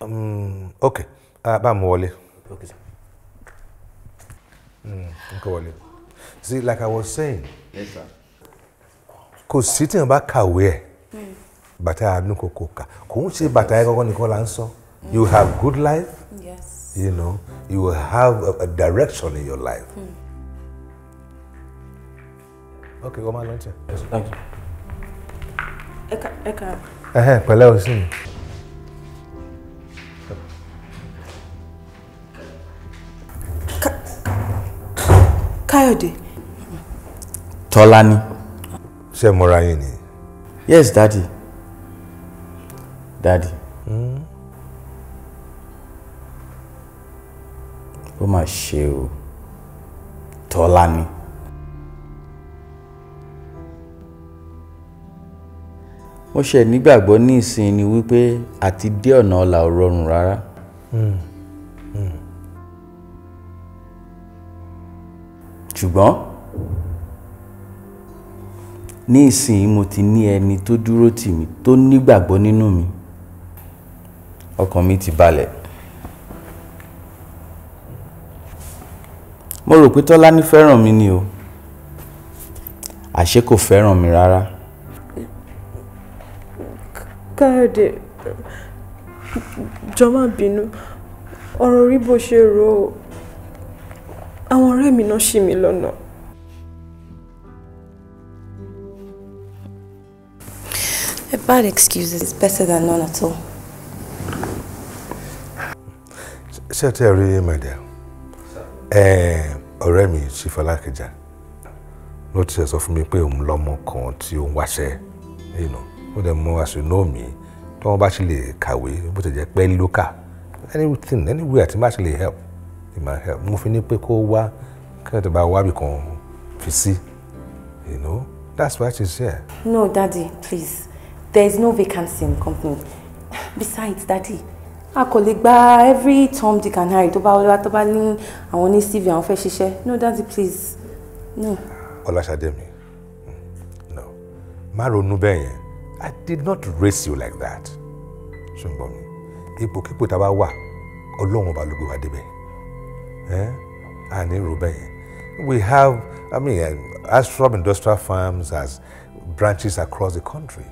mm, ok bá mi wọlé mm, n kò wọlé see like i was saying kò sí tí wọn bá kàwé ẹ hmm. bàtà àánú kò kò kà kò ń ṣe bàtà ẹ kọ́kọ́ nìkan là ń sọ you hmm. have good life yes. you know you will have a, a direction in your life. Mm. Okay, go my lunch. Yes, thank you. Eka, Eka ẹ̀hẹ́n pẹ̀lẹ́ o sí mi. Káyọ̀dé. Tọ́lání. Ṣé mo ra yín ni? Yes, daddy. Daddy. Hmm? Ó mà ṣe o. Tọ́lání. mo ṣe nígbàgbọ́ ní ìsìn ni wípé àti dé ọ̀nà ọ̀la ò rọrùn rárá. Hmm. Hmm. ṣùgbọ́n ní ìsìn mo ti ní ẹni tó dúró tì mí tó nígbàgbọ́ nínú mi ọkàn mi ti balẹ̀. mo rò pé Tọ́lání fẹ́ràn mi ni o àṣé kò fẹ́ràn mi rárá káyọ̀dé jọ̀ọ́ má bínú ọ̀rọ̀ rí bó ṣe rò ó àwọn ọ̀rẹ́ mi náà ṣì mí lọ́nà. A bad excuse is better than none at all. ṣé tí ẹ rí my dear ọ̀rẹ́ mi ṣì fọlákẹjà ló ti sọ fún mi pé òun lọ́mọ kan tí ó ń wáṣẹ́ ó dẹ̀ mọ àsùnóòmì tí wọ́n bá ti lè kàwé bó ti jẹ́ pé lókà anything anywhere tí bá ti lè help ni ma help mo fi ní pé kó wá kí wọ́n ti bá wá bìkan fi sí you know that's why she's here. no daddy please there is no vacancy in the company besides daddy a kò lè gba every Tom Dick and Harry tó bá wọlé wá tó bá ní àwọn ní CV àwọn fẹ́ ṣiṣẹ́ no daddy please no. ọlásàdé mi no má ronú bẹ́ẹ̀ yẹn I did not raise you like that. ṣùgbọ́n mi ipòkípò tá a bá wà ọlọ́run ọba ló gbé wa débẹ̀ àní rò bẹ́ẹ̀ we have I mean uh, ashram industrial farms as branches across the country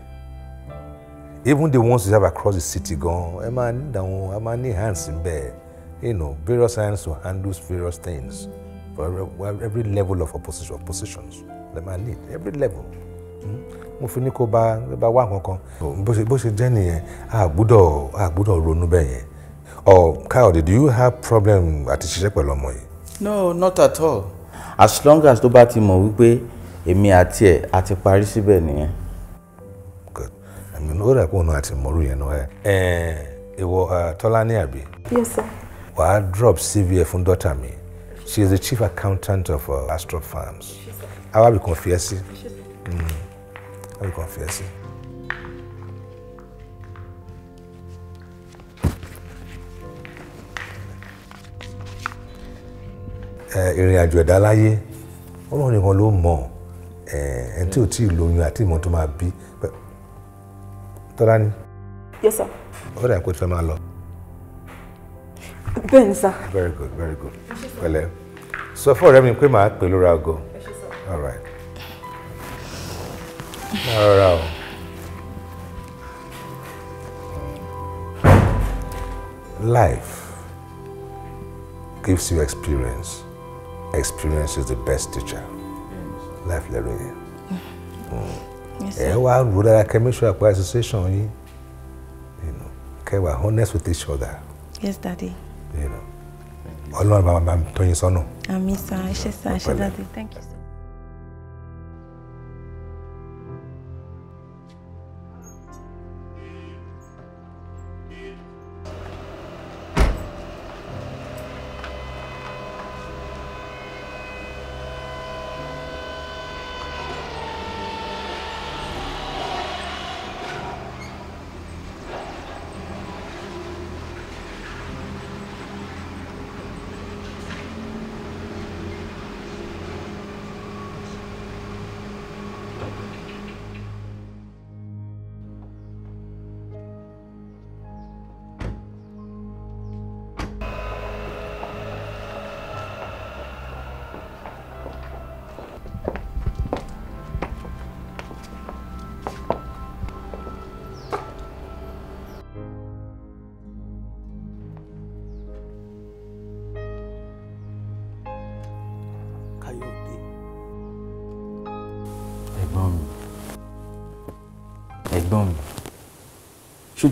even the ones we have across the city gan ẹ máa ní ìdáhùn ẹ máa ní hands bẹ́ẹ̀ you know various hands to handle various things for every, every level of opposition, oppositions ẹ máa need every level. Mm -hmm mo fi ní kó bá bá wá kankan. bó ṣe jẹ́ nìyẹn a gbúdọ̀ ronú bẹ́ẹ̀ yẹn. oh Kayode do you have problem àti ṣiṣẹ́ pẹ̀lú ọmọ yìí. no not at all as long as tó bá ti mọ̀ wípé èmi àti ẹ̀ a ti parí síbẹ̀ nìyẹn. good àmì ó dà pé òun àti mọ̀rú yẹn náà ẹ ìwọ tọ́lá ní àbí. yes sir. wàá drop cv ẹ fún dọ́tà mi she is the chief accountant of uh, Astro Farms. awa bi kan fi ẹ sí. Al confiança. ìrìn àjò ẹ̀dá láyé ọlọ́run nìkan ló mọ̀ tí ò tí ì lóyún àti ìmọ̀ tó máa bí tọ́lá ni. yes sir. lọ. bẹ́ẹ̀ ni sir. very good very good pẹ̀lẹ́ sọ fún ọ̀rẹ́ mi pé màá pè rárá o. Life gives you experience. Experience is the best teacher. Life lẹ́rìn yẹn. Mm-hmm. Ẹ wá rò dára kẹ́ make sure àpò association yín kẹ́ wà honest with each other. Yes, daddy. You know, Ọlọ́run bá wa máa tọ́ I sọ́nà. Àmín sá, ẹ ṣé daddy, thank you sir.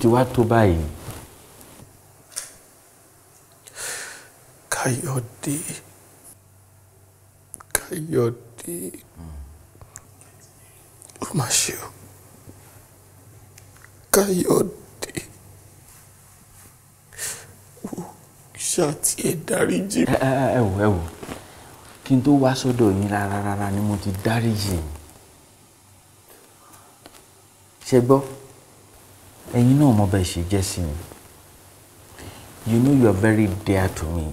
ti wá tó báyìí. Káyọ̀dé Káyọ̀dé ó mà ṣe o Káyọ̀dé ó ṣàtì ẹ̀ dáríjì. ẹ ẹ wò ẹ wò kí n tó wá sọ́dọ̀ yín rárá rárá ni mo ti dáríjì ṣe gbọ́. And you know, bẹ́ẹ̀ ṣe jẹ́ you know you are very dear to me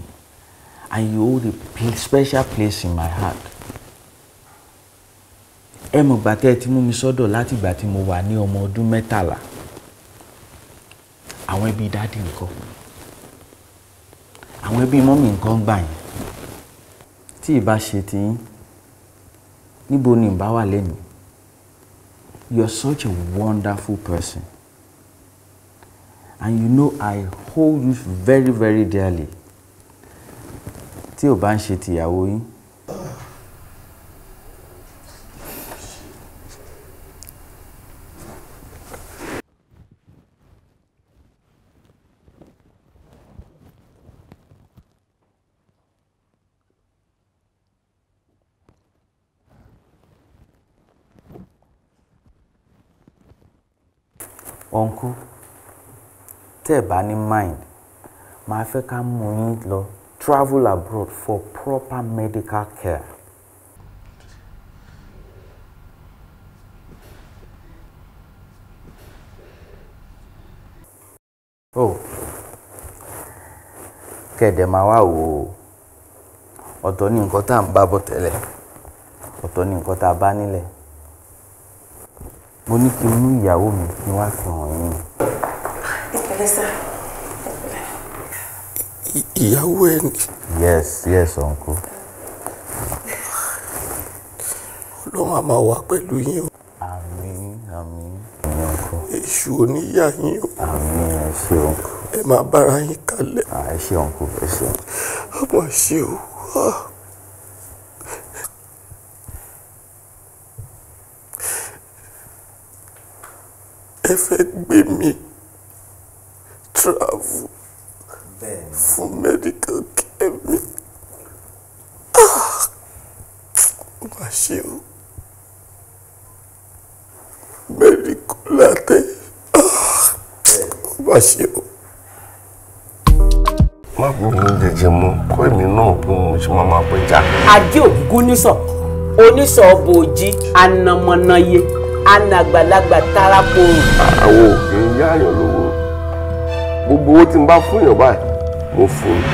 and you hold a special place in my heart ẹ mọ̀ gbà tẹ́ ẹ ti mú mi sọ́dọ̀ láti ìgbà tí mo wà ní ọmọ ọdún mẹ́tàlá àwọn ẹbí dáàdì nǹkan àwọn ẹbí mọ́mì nǹkan gbà yín tí ì bá ṣe ti yín níbo ni ìbá wà lẹ́nu you are such a wonderful person and you know I hold you very very dearly tí ò bá ń ṣe tìyàwó yín. Uncle tẹ́ ẹ̀ bá ní mind màá fẹ́ ká mú yín lọ travel abroad for proper medical care. oh kẹ̀dẹ̀ máa wá wò ó ọ̀tọ̀ ní nǹkan tá à ń bá bọ̀ tẹ́lẹ̀ ọ̀tọ̀ ní nǹkan tá a bá nílẹ̀ mo ní kí n mú ìyàwó mi kí n wá fi yín ìyàwó ẹ ni. yes yes uncle. ọlọ́run á máa wà pẹ̀lú yín o. àmín àmín. èṣù oníyà yín o. àmín ẹ ṣé uncle. ẹ máa bára yín kalẹ̀. ẹ ṣé uncle ẹ ṣé. ọmọ ṣe o. ẹ fẹ́ gbé mi travel Bẹ́ẹ̀ni. fún medical care mi machine! mà ṣe o medical latte ó mà ṣe o. má bọ́ mi jẹjẹ mọ́ kó èmi náà bí mo ṣe máa máa pẹ́jà. ajé ògúngún nísọ onísọ bòójì anamọ̀nàyé anagbalagba taraporo. àwọn òkè ń yáyọ̀ lówó gbogbo owó tí n bá fún èèyàn báyìí mo fún un.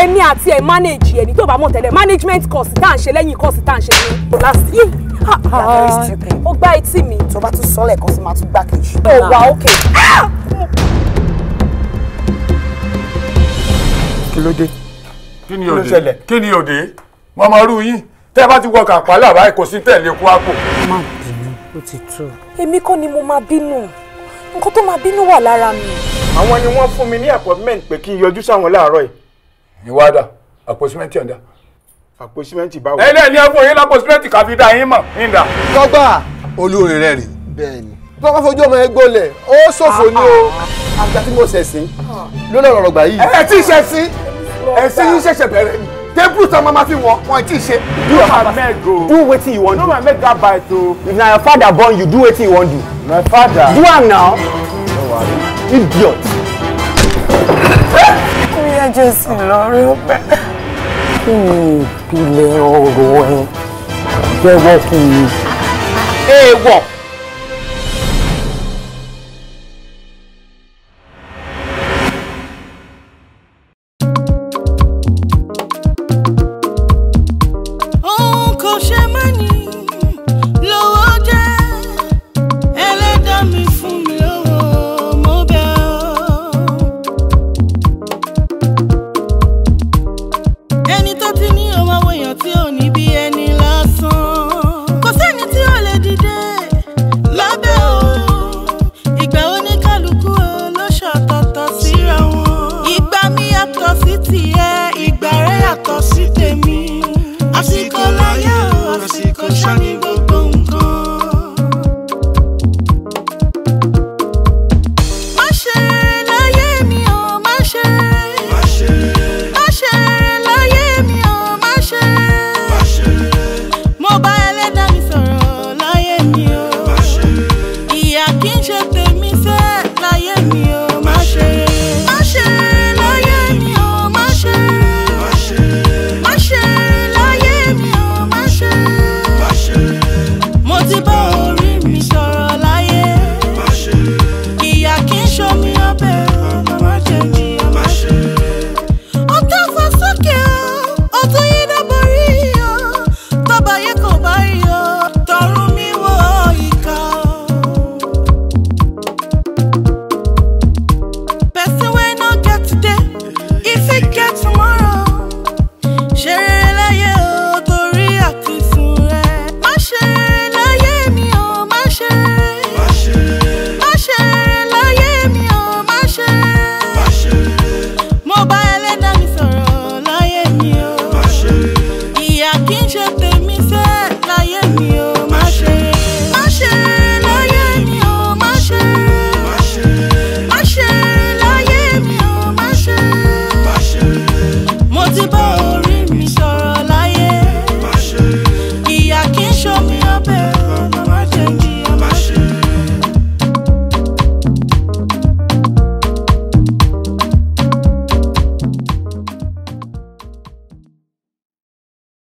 èmi àti ẹ manage ẹni tó bá mọ̀ tẹ́lẹ̀ management course tá à ń ṣe lẹ́yìn course tá à ń ṣe ní last year. ó gbá etí mi. tó bá tún sọ́lẹ̀ kan sí máa tún gbá kejì. ó wà ókè. kí ló dé kí ni òde kí ni òde mo máa rú yín tẹ́ bá ti wọ kàpálà báyìí kò sí tẹ̀lé kó wá má bínú ó ti tó. èmi kọ́ ni mo máa bínú nǹkan tó máa bínú wà lára mi àwọn ni wọ́n fún mi ní appointment pé kí n yọjú sáwọn láàárọ̀ yìí. ìwà dà àpò símẹ́ǹtì ọ̀dà. àpò símẹ́ǹtì báwo. ẹ̀yin náà ní ẹ̀fọ́ yín lápò símẹ́ǹtì káfí dá yín mọ̀ ń dà. tọ́gbà olóore rẹ̀ rè. bẹ́ẹ̀ni. bí wọ́n bá fojú ọmọ ẹgbẹ́ olẹ̀ ó ṣòfò ní o àgbà tí mo ṣẹ̀sìn lórí ọ̀rọ̀ gbà yìí. ẹ ti ṣẹ̀sìn ẹ̀sìn yín ṣẹ̀ṣẹ̀ bẹ̀rẹ̀ ni table some mama fit work wọn ti ṣe. do your father go do wetin you wan do. no ma make that bite o. if na your father born you do wetin you wan do. my father. do am now. No idiot. kúnyà jẹ́sìn lọ́rẹ́ ọ̀pẹ. kí ni ìpìlẹ̀ ọ̀rọ̀ ẹ jẹ́wọ́ fún mi. èèwọ̀